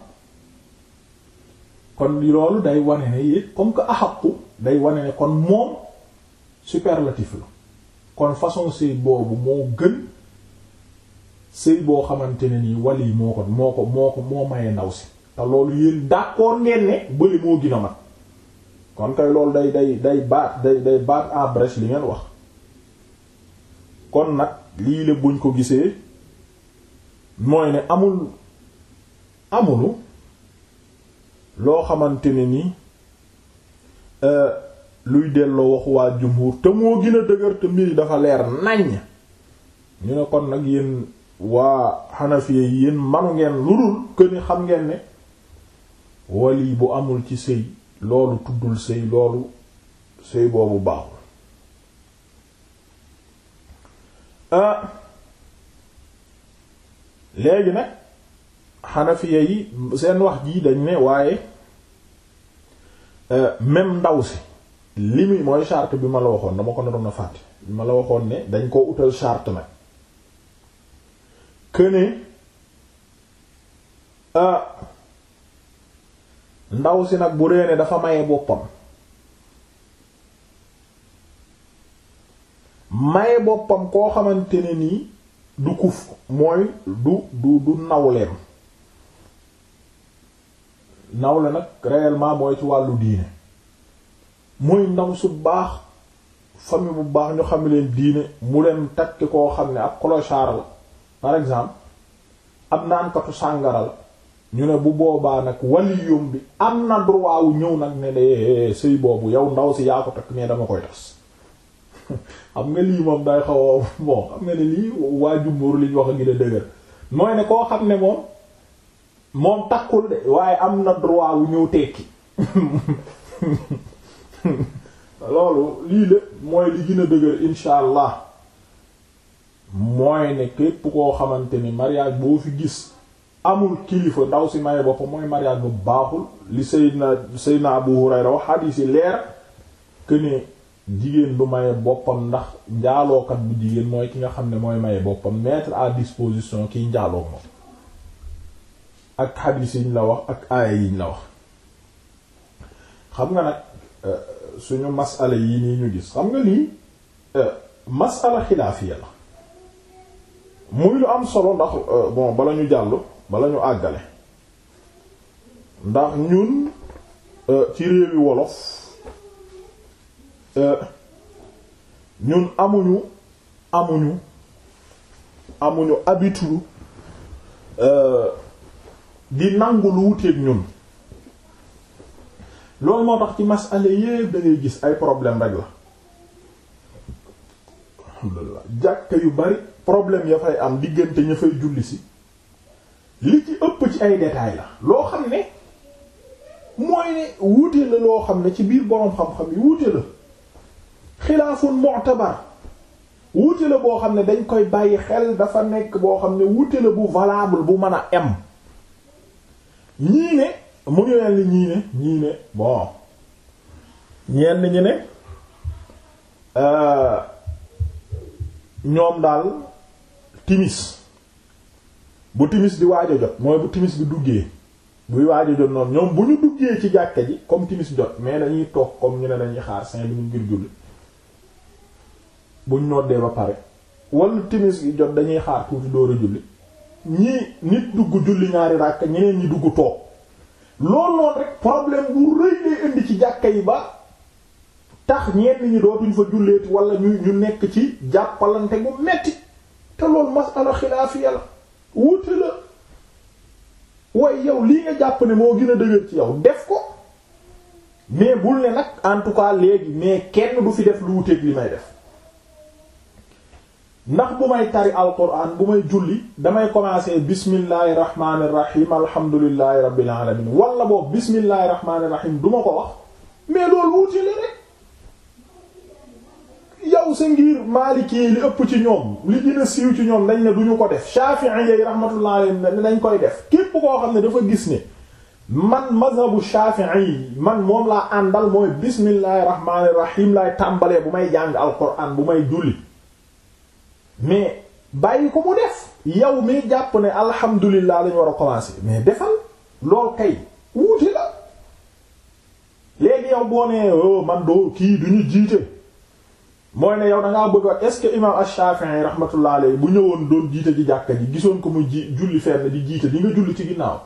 kon loolu day wane ne yéen comme que axaqu day wane ne kon moom superlatif la kon façon sëy boobu moo gën sëy boo xamante ne nii wali moo ko moo ko moo ko moo maye ndaw si te loolu yéen d'accord ngeen ne bële moo gën a mat kon kay loolu day day day day day baat à li ngeen wax kon nag lii la buñ ko gisee mooy ne amul amulu loo xamante ne nii euh, luy delloo waxu waa jumhur te moo gën a dëgër te dafa leer naññ ñu ne kon nag yéen waa xanafiye yi yéen manu ngeen ludul que ni xam ngeen ne wali bu amul ci sëy loolu tuddul sëy loolu sëy boobu baaxul ah, léegi nag xanafiya yi seen wax jii dañ ne waaye eh, même ndaw si li muy mooy charte bi ma la waxoon dama ko naroon a fàtte bi ma la waxoon ne dañ koo utal charte nag que ah, ndaw si nag bu reene dafa maye boppam maye boppam koo xamante ne nii du kuf mooy du du du nawleem nawle nag réellement mooy ci wàllu diine mooy ndaw su baax famille bu baax ñu xam leen diine mu leen takk koo xam ne ak clochard la par exemple ab naankatu sàngara la ñu ne bu boobaa nag waliyum bi am na droit wu ñëw nag ne de eh, sëy boobu yow ndaw si yaa ko takk ne dama koy tas xam nga lii moom day xaw bon xam nga ne lii waa jumbur liñ wax a gën a dëgër mooy ne koo xam ne moom moom takkul de waaye am na droit wu ñëw tekki loolu lii de mooy li gën a dëgër insha mooy ne képp koo xamante ni mariage boo fi gis amul kilifa ndaw si maye boppam mooy mariage bu baaxul li Seydina Seydina Abu Hurayra wax xadiis yi leer que jigéen bu maye boppam ndax njaalookat bu jigéen mooy ki nga xam ne mooy maye boppam mettre à disposition kiy njaaloo moom ak xadiis yiñ la wax ak aaya yiñ la wax xam nga nag euh, suñu masala yi nii ñu gis xam nga lii euh, masala xilaafiya la muy lu am solo ndax euh, bon bala ñu jàll bala ñu àggale ndax ñun euh, ci réewi wolof euh, ñun amuñu amuñu amuñu habitude euh, di nangu lu wuteeg ñun loolu moo tax ci masale yépp da gis ay problème rek la alhamdulillah yu bari problème ya fay am diggante ña fay julli si li ci ëpp ci ay détails la loo xam ne mooy ne wuute la loo xam ne ci biir boroom xam-xam yi wuute la xilaafun mu'tabar wuute la boo xam ne dañ koy bàyyi xel dafa nekk boo xam ne wuute la bu valable bu mën a em ñii ne mu ngi leen li ñii ne ñii ñi ne euh, ñoom daal timis bu timis di waaj jot mooy bu timis bi duggee buy waaj a jot noonu ñoom bu ñu duggee ci jàkka ji comme timis jot mais dañuy toog comme ñu ne dañuy xaar cinq minutes ngir julli buñ noddee ba pare wala timis gi jot dañuy xaar tuuti door a julli ñii nit dugg julli ñaari ràkk ñeneen ñi dugg toog loolu noonu rek problème bu rëy lay indi ci jàkka yi ba tax ñenn ñi dootuñ fa julleeti wala ñu ñu nekk ci jàppalante bu metti te loolu masala xilaafiya la wuute la waaye yow lii nga jàpp ne moo gën a dëgër ci yow def ko mais bul ne nag en tout cas léegi mais kenn du fi def lu wuteeg li may def ndax bu may tari alquran bu may julli damay commencer bismillahi rahmaani rahim alhamdulillahi rabbil alamin wala boobu bismillahi rahmaani rahim du ko wax mais loolu wuute la rek. yow sa ngir Maliki yi li ëpp ci ñoom li gën a siiw ci ñoom dañ ne duñu ko def Shafi'i yi rahmatullah alayhim dañ koy def képp koo xam ne dafa gis ne man mazhabu Shafi'i man moom laa àndal mooy bismillahir rahmanir rahim laay tàmbalee bu may jàng alquran bu may julli mais bàyyi ko mu def yow mi jàpp ne alhamdulillah lañu war a commencer mais defal lool kay wuute la léegi yow boo nee oh, man doo kii duñu jiite mooy ne yow da bëgg a est-ce que imam Ash-Shafi'i rahmatullah alayhi bu ñëwoon doon jiite ji jàkka ji gisoon ko mu ji julli fenn di jiite di nga julli ci ginnaaw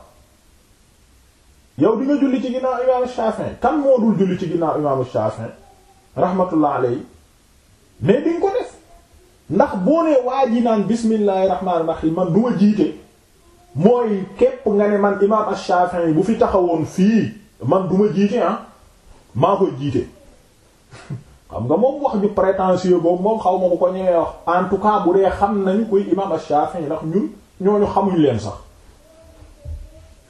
yow di nga julli ci ginnaaw imam ash kan moo dul julli ci ginnaaw imam Ash-Shafi'i rahmatullah alayhi mais di nga ko def ndax boo nee waa ji man du jiite mooy képp nga ne man imam ash yi bu fi taxawoon fii man du ma jiite ah maa koy jiite xam nga moom wax ju prétentieux boobu moom xaw ma bu ko ñëwee en tout cas bu dee xam nañ koy imam Shafi'i ndax ñun ñooñu xamuñ leen sax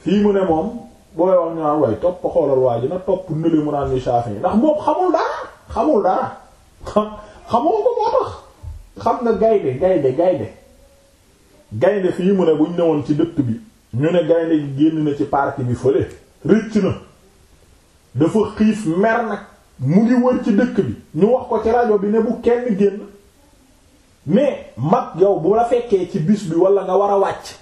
fii mu ne moom booy wax ñu naan way topp xoolal waa ji na topp nële mu naan ni Shafi'i ndax moom xamul dara xamul dara xamoo ko moo tax xam nga gaynde gaynde gaynde gaynde fii mu ne buñ newoon ci dëkk bi ñu ne gaynde gi génn na ci parc bi fële rëcc na dafa xiif mer nag mu ngi wër ci dëkk bi ñu wax ko ci rajo bi ne bu kenn génn mais mag yow bu la fekkee ci bis bi wala nga war a wàcc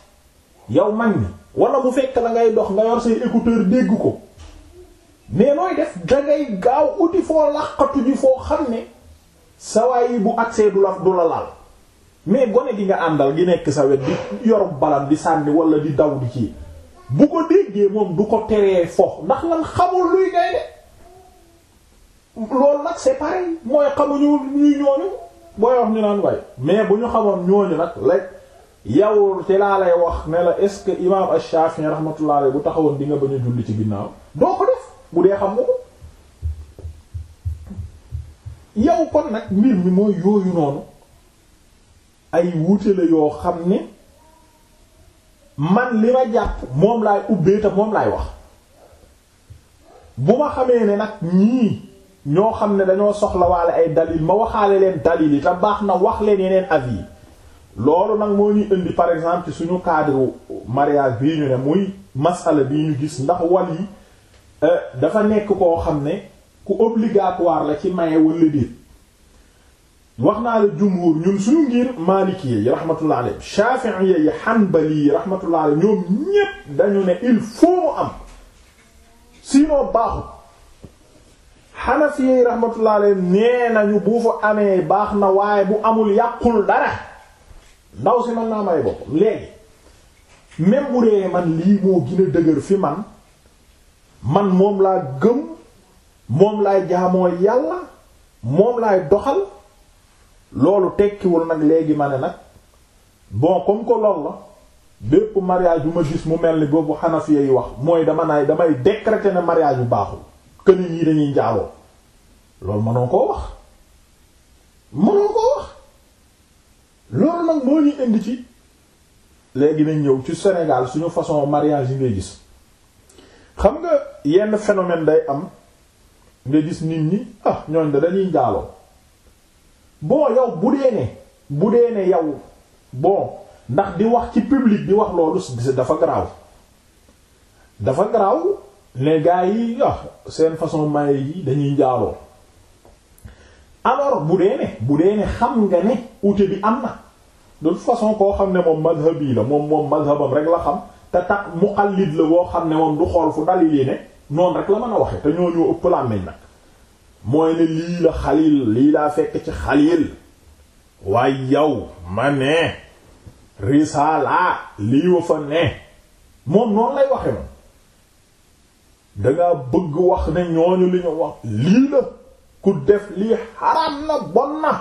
yow mag ni wala bu fekk la ngay dox nga yor say écouteur dégg ko mais nooy def dangay gaaw uti foo làqatu ji foo xam ne sawaay yi bu agsee du la du la laal mais gone gi nga àndal gi nekk sa wet di yorub balam di sànni wala di daw di kii bu ko déggee moom du ko teree fo ndax lan xamul luy ngay de loolu nag c'est mooy xamuñu ñuy ñooñu booy wax ñu naan way mais bu ñu xamoon ñooñu nag lay yow ci laa lay wax ne la est-ce que imam Ash-Shafi'i rahmatullah bu taxawoon dinga nga bañ julli ci ginnaaw doo ko def bu dee xam nga ko yow kon nag mbir mi mooy yooyu noonu ay wuute la yoo xam ne man li ma jàpp moom laay ubbee moom laay wax bu ma xamee ne nag ñii ñoo xam ne dañoo soxlawaale ay dalil ma waxaale leen dalil yi te baax na wax leen yeneen avis yi loolu nag moo ñuy indi par exemple ci suñu cadre mariage bii ñu ne muy masala bii ñu gis ndax wal yi euh, dafa nekk koo xam ne ku obligatoire la ci maye wala déet wax naa la jumhur ñun suñu ngir maliki yi rahmatullah alayhi shafi'i yi hanbali yi rahmatullah alayhi ñoom ñépp dañu ne il faut mu am sinon baaxut xanafi yi rahmatullah alayhi nee nañu bu fa amee baax na waaye bu amul yàqul dara ndaw si mën naa may boppam léegi même bu dee man lii moo gën a dëgër fi man man moom laa gëm moom laay jaamoo yàlla moom lay doxal loolu tekkiwul nag léegi ma ne nag bon comme que lool la bépp mariage bu ma gis mu mel ni boobu xanafiya yi wax mooy dama naay damay décréter ne mariage bu baaxul këne ñii dañuy njaaloo loolu mënoo koo wax mënoo koo wax loolu nag moo ñuy indi ci léegi nañ ñëw ci Sénégal suñu façon mariage yi ngay gis xam nga yenn phénomène day am nga gis nit ñi ah, ñooñ da dañuy njaaloo bon yow bu dee ne bu dee ne yow bon ndax di wax ci public di wax loolu dafa garaaw dafa garaaw ne gaa yi ah, seen façon maye yi dañuy jaaloo alors bu dee ne bu dee ne xam nga ne ute bi am na de façon koo xam ne moom mazhab yi la moom moom mazhabam rek la xam te tax muqallid la boo xam ne moom du xool fu dalil yi ne noonu rek la mën a waxe te ñoo ñoo ëpp làmmiñ nag mooy ne lii la xalil lii laa fekk ci xalil waaye yow ma ne risaala lii wa fa ne moom noonu lay waxe moom danga bëgg wax ne ñooñu li ñu wax lii la ku def lii xaraam na bon na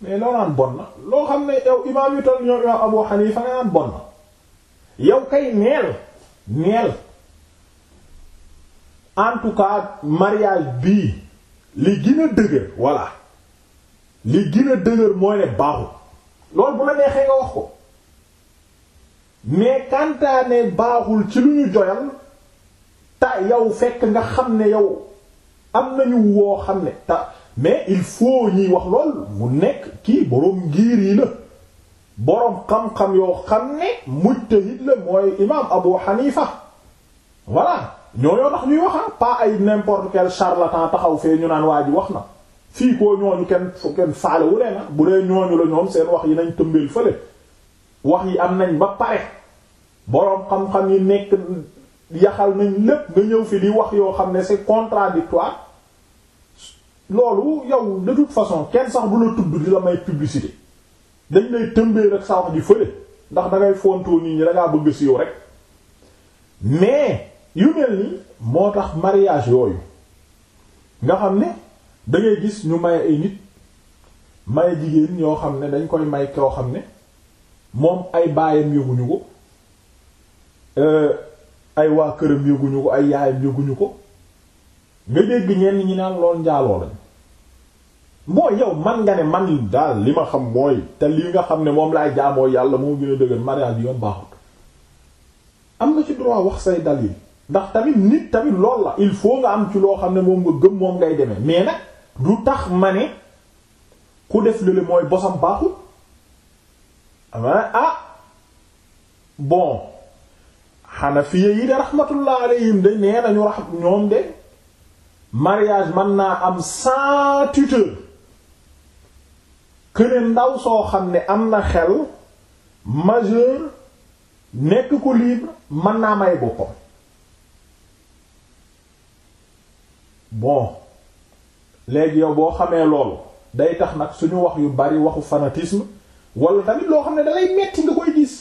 mais loo bon na loo xam ne yow imaam yu toll ñoom imaam Abu Hanifa nga naan bon na yow kay neel neel en tout cas mariage bii li gën a dëgër voilà li gën a dëgër mooy ne baaxul loolu bu la neexee nga wax ko mais kantaane baaxul ci lu ñu joyal ta yow fekk nga xam ne yow am nañu woo xam ne ta mais il faut ñuy wax lool mu nekk kii boroom ngir yi la boroom xam-xam yoo xam ne mujtahid la mooy imaam Abu Hanifa voilà ñoo nax tax ñuy waxa ah, pas ay n'importe quel charlatan taxaw fee ñu naan waa ji wax na fii koo ñooñu kenn fu kenn faale wu leen ah, bu dee ñooñu la ñoom seen wax yi nañ tëmbeel fële wax yi am nañ ba pare boroom xam-xam yi nekk yaxal nañ lépp nga ñëw fi di wax yoo xam ne c'est contradictoire loolu yow de toute façon kenn sax bu la tudd di la may publicité dañ lay tëmbee rek sa wax ji fële ndax da ngay fontoo nit ñi da bëgg siiw rek mais yu mel ni moo tax mariage yooyu nga xam ne da ngay gis ñu may ay nit may jigéen yoo xam ne dañ koy may koo xam ne moom ay baayam yëguñu ko. Euh, ay waa këram yëguñu ko ay yaayam yëguñu ko nga dégg ñenn ñi naan lool njaaloo lañ mooy yow man nga ne man daal li ma xam mooy te li nga xam ne moom laay jaamoo yàlla moo gën a dëgër mariage yoon am nga ci droit wax say dalil ndax tamit nit il faut nga am ci loo xam ne moom gëm moom ngay demee mais du tax ma ne ku def lële mooy bosam baaxut ah, ah bon xanafiya yi de rahmatullah alayhim de nee nañu rax ñoom de mariage mën naa am sans tuteur këne ndaw soo xam ne am na xel majeur nekk ko libre mën naa may boppam bon léegi yow boo xamee loolu day tax nag suñu wax yu bari waxu fanatisme wala tamit loo xam ne dalay metti nga koy gis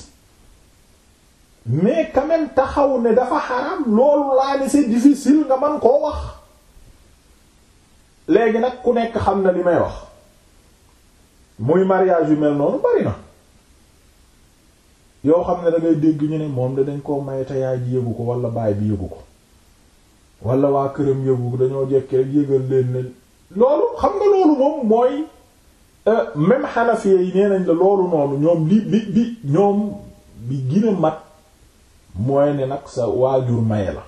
mais quand même taxaw ne dafa xaram loolu laa ne difficile nga mën koo wax léegi nag ku nekk xam na li may wax muy mariage yu mel noonu bari na yoo xam ne dangay dégg ñu ne moom danañ koo maye te yaay ko wala baay bi yëgu ko wala waa këram yëgu dañoo jekki rek yëgal leen ne loolu xam nga loolu moom mooy euh, même xanafiye yi nee nañ la loolu noonu ñoom li bi bi ñoom bi gën mat mooy ne nag sa waajur maye la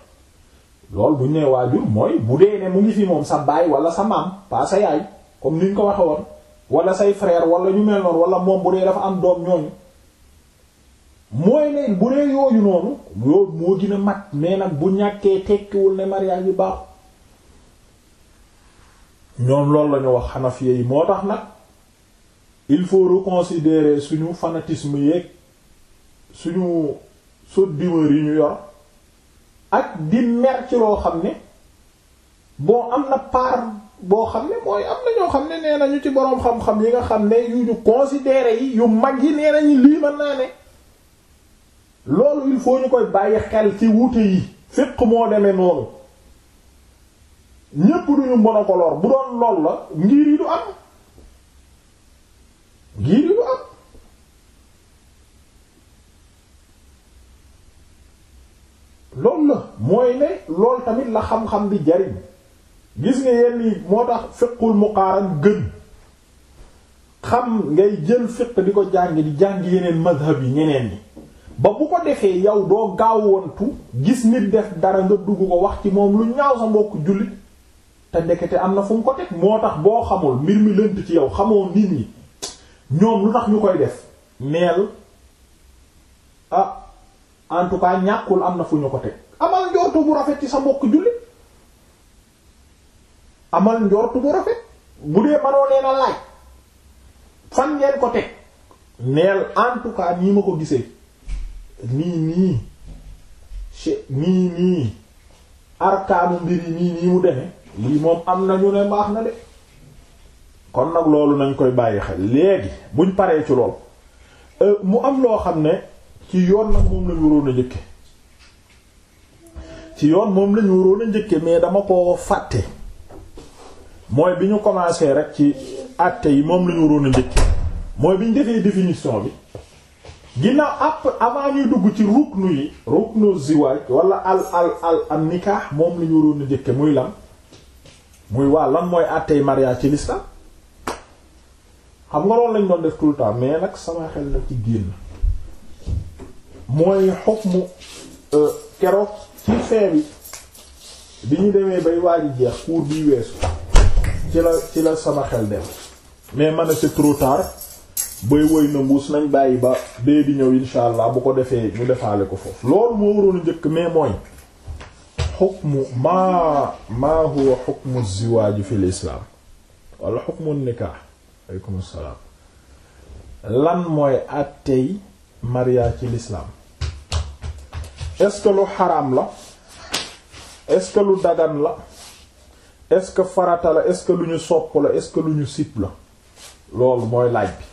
loolu bu ñu nee waajur mooy bu dee ne mu ngi fi moom sa baay wala sa maam pas sa yaay comme ni ñu ko waxe woon wala say frère wala ñu mel noonu wala moom bu dee dafa am doom ñooñu mooy ne bu dee yooyu noonu loolu moo gën mat mais nag bu ñàkkee tekkiwul ne mariage bi baaxul ñoom loolu la ñu wax xanafiye yi moo tax nag il faut reconsidérer suñu fanatisme yeeg suñu. sot dimeur yi ñu yor ak di mer ci loo xam ne boo am na part boo xam ne mooy am na ñoo xam ne nee nañu ci boroom xam-xam yi nga xam ne yu ñu considéré yi yu mag yi nee nañu lii mën naa ne loolu il faut ñu koy bàyyi xel ci wuute yi fiq moo demee noonu ñépp duñu monocolore bu doon lool la ngir yi du am ngir yi du am loolu la mooy ne loolu tamit la xam-xam bi jariñ gis nga yenn moo tax fiqul muqaaran gën xam ngay jël fiq di ko jàng di jàng yeneen mazhab yi ñeneen ñi ba bu ko defee yow doo gaaw wontu gis nit def dara nga dugg ko wax ci moom lu ñaaw sa mbokk jullit te ndekete am na fum ko teg moo tax boo xamul mbir mi lënt ci yow xamoo nit ñi ñoom lu tax ñu koy def meel ah, en tout ñàkkul am na fu ñu ko teg amal njortu bu rafet ci sa mbokk jullit amal njortu bu rafet bu dee manoo nee na laaj fan ngeen ko teg neel en nii ma ko gisee nii nii nii nii arkaanu mbir yi nii nii mu demee lii moom am na ñu ne baax na de kon nag loolu nañ koy bàyyi xel léegi buñ paree ci lool euh, mu am loo xam ne ci yoon nag moom lañu waroon njëkke ci yoon moom lañu waroon a njëkke mais dama ko fàtte mooy bi ñu commencé rek ci acte yi moom lañu waroon njëkke mooy bi ñu defee définition bi ginnaaw àpp avant ñuy dugg ci ruknu yi ruknu ziwaaj wala al al al al nikah moom lañu waroon a njëkke muy lan muy waa lan mooy àtte yi ci l'islam xam nga loolu lañ doon def tout mais nag sama xel la ci génn mooy xukmu euh, keroog ci fin bi bi ñu demee bay waaj jeex cours bi weesu ci la ci la sama xel dem mais man c'est trop tard bay woy na mbuus nañ bàyyi ba bee di ñëw insha allah bu ko defee ñu defaale ko foofu loolu moo waroon njëkk mais mooy xukmu maa maa huwa xukmu ziwaaju fil islaam wala xukmu nikah aleykum salaam lan mooy àttey mariage ci l'islam est-ce que lu xaraam la est lu dagan la est-ce que farata la est-ce lu ñu sopp la est lu ñu sip la loolu mooy laaj bi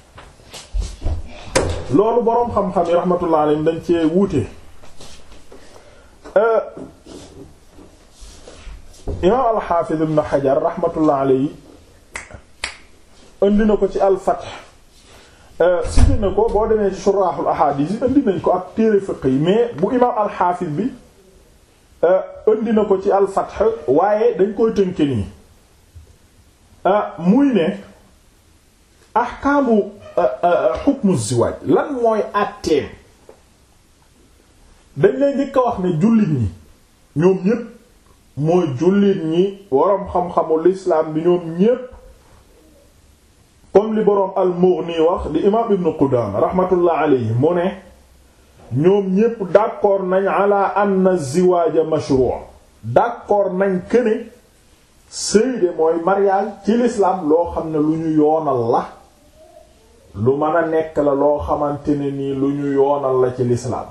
loolu boroom xam-xam yi rahmatullah alayhim dañ cee wuute euh, imaam alxaafiz ibn xajar rahmatullah alayhi indi na ko ci al cité euh, na ko boo demee ci shurahul ahadis yi indi nañ ko ak téere fiqh yi mais bu imam alxaafis bi euh, indi na ko ci alfath waaye dañ koy tënke nii euh, muy ne ahkaamu xukmu ziwaaj lan mooy àtteem dañ lay njëkk a wax ne jullit ñi ñoom ñépp mooy jullit ñi waroom xam-xamu l'islam bi ñoom ñépp kon li boroom al-Mughni wax li imaam Ibn Qudaama rahmatullah alayhi mu ne ñoom ñépp d'accord nañ ala anna ziwaaja mashru' d'accord nañ këne sëy de mooy mariage ci lislaam loo xam ne lu ñu yoonal la lu mën a nekk la loo xamante ne nii lu ñu yoonal la ci l'islam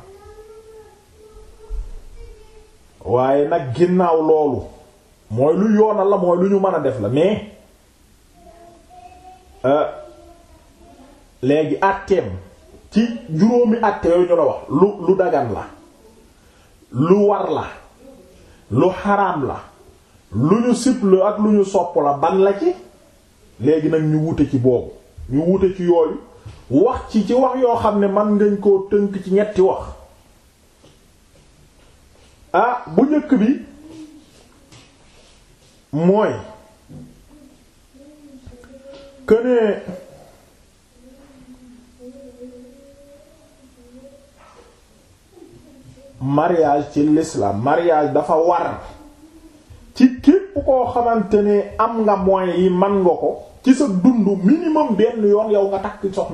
waaye nag ginnaaw loolu mooy lu yoonal la mooy lu ñu mën a def la mais Euh, léegi àtteem ci juróomi àtte yooyu ñu la wax lu lu dagan la lu war la lu xaraam la lu ñu sib la ak lu ñu sopp la ban la ci léegi nag ñu wute ci boobu ñu wute ci yooyu wax ci ci wax yoo xam ne man ngañ koo tënk ci ñetti wax ah bu njëkk bi mooy kënee mariage ci l'islam mariage dafa war ci képp koo xamante ne am nga moyens yi man nga ko ci sa dund minimum benn yoon yow nga takk soxna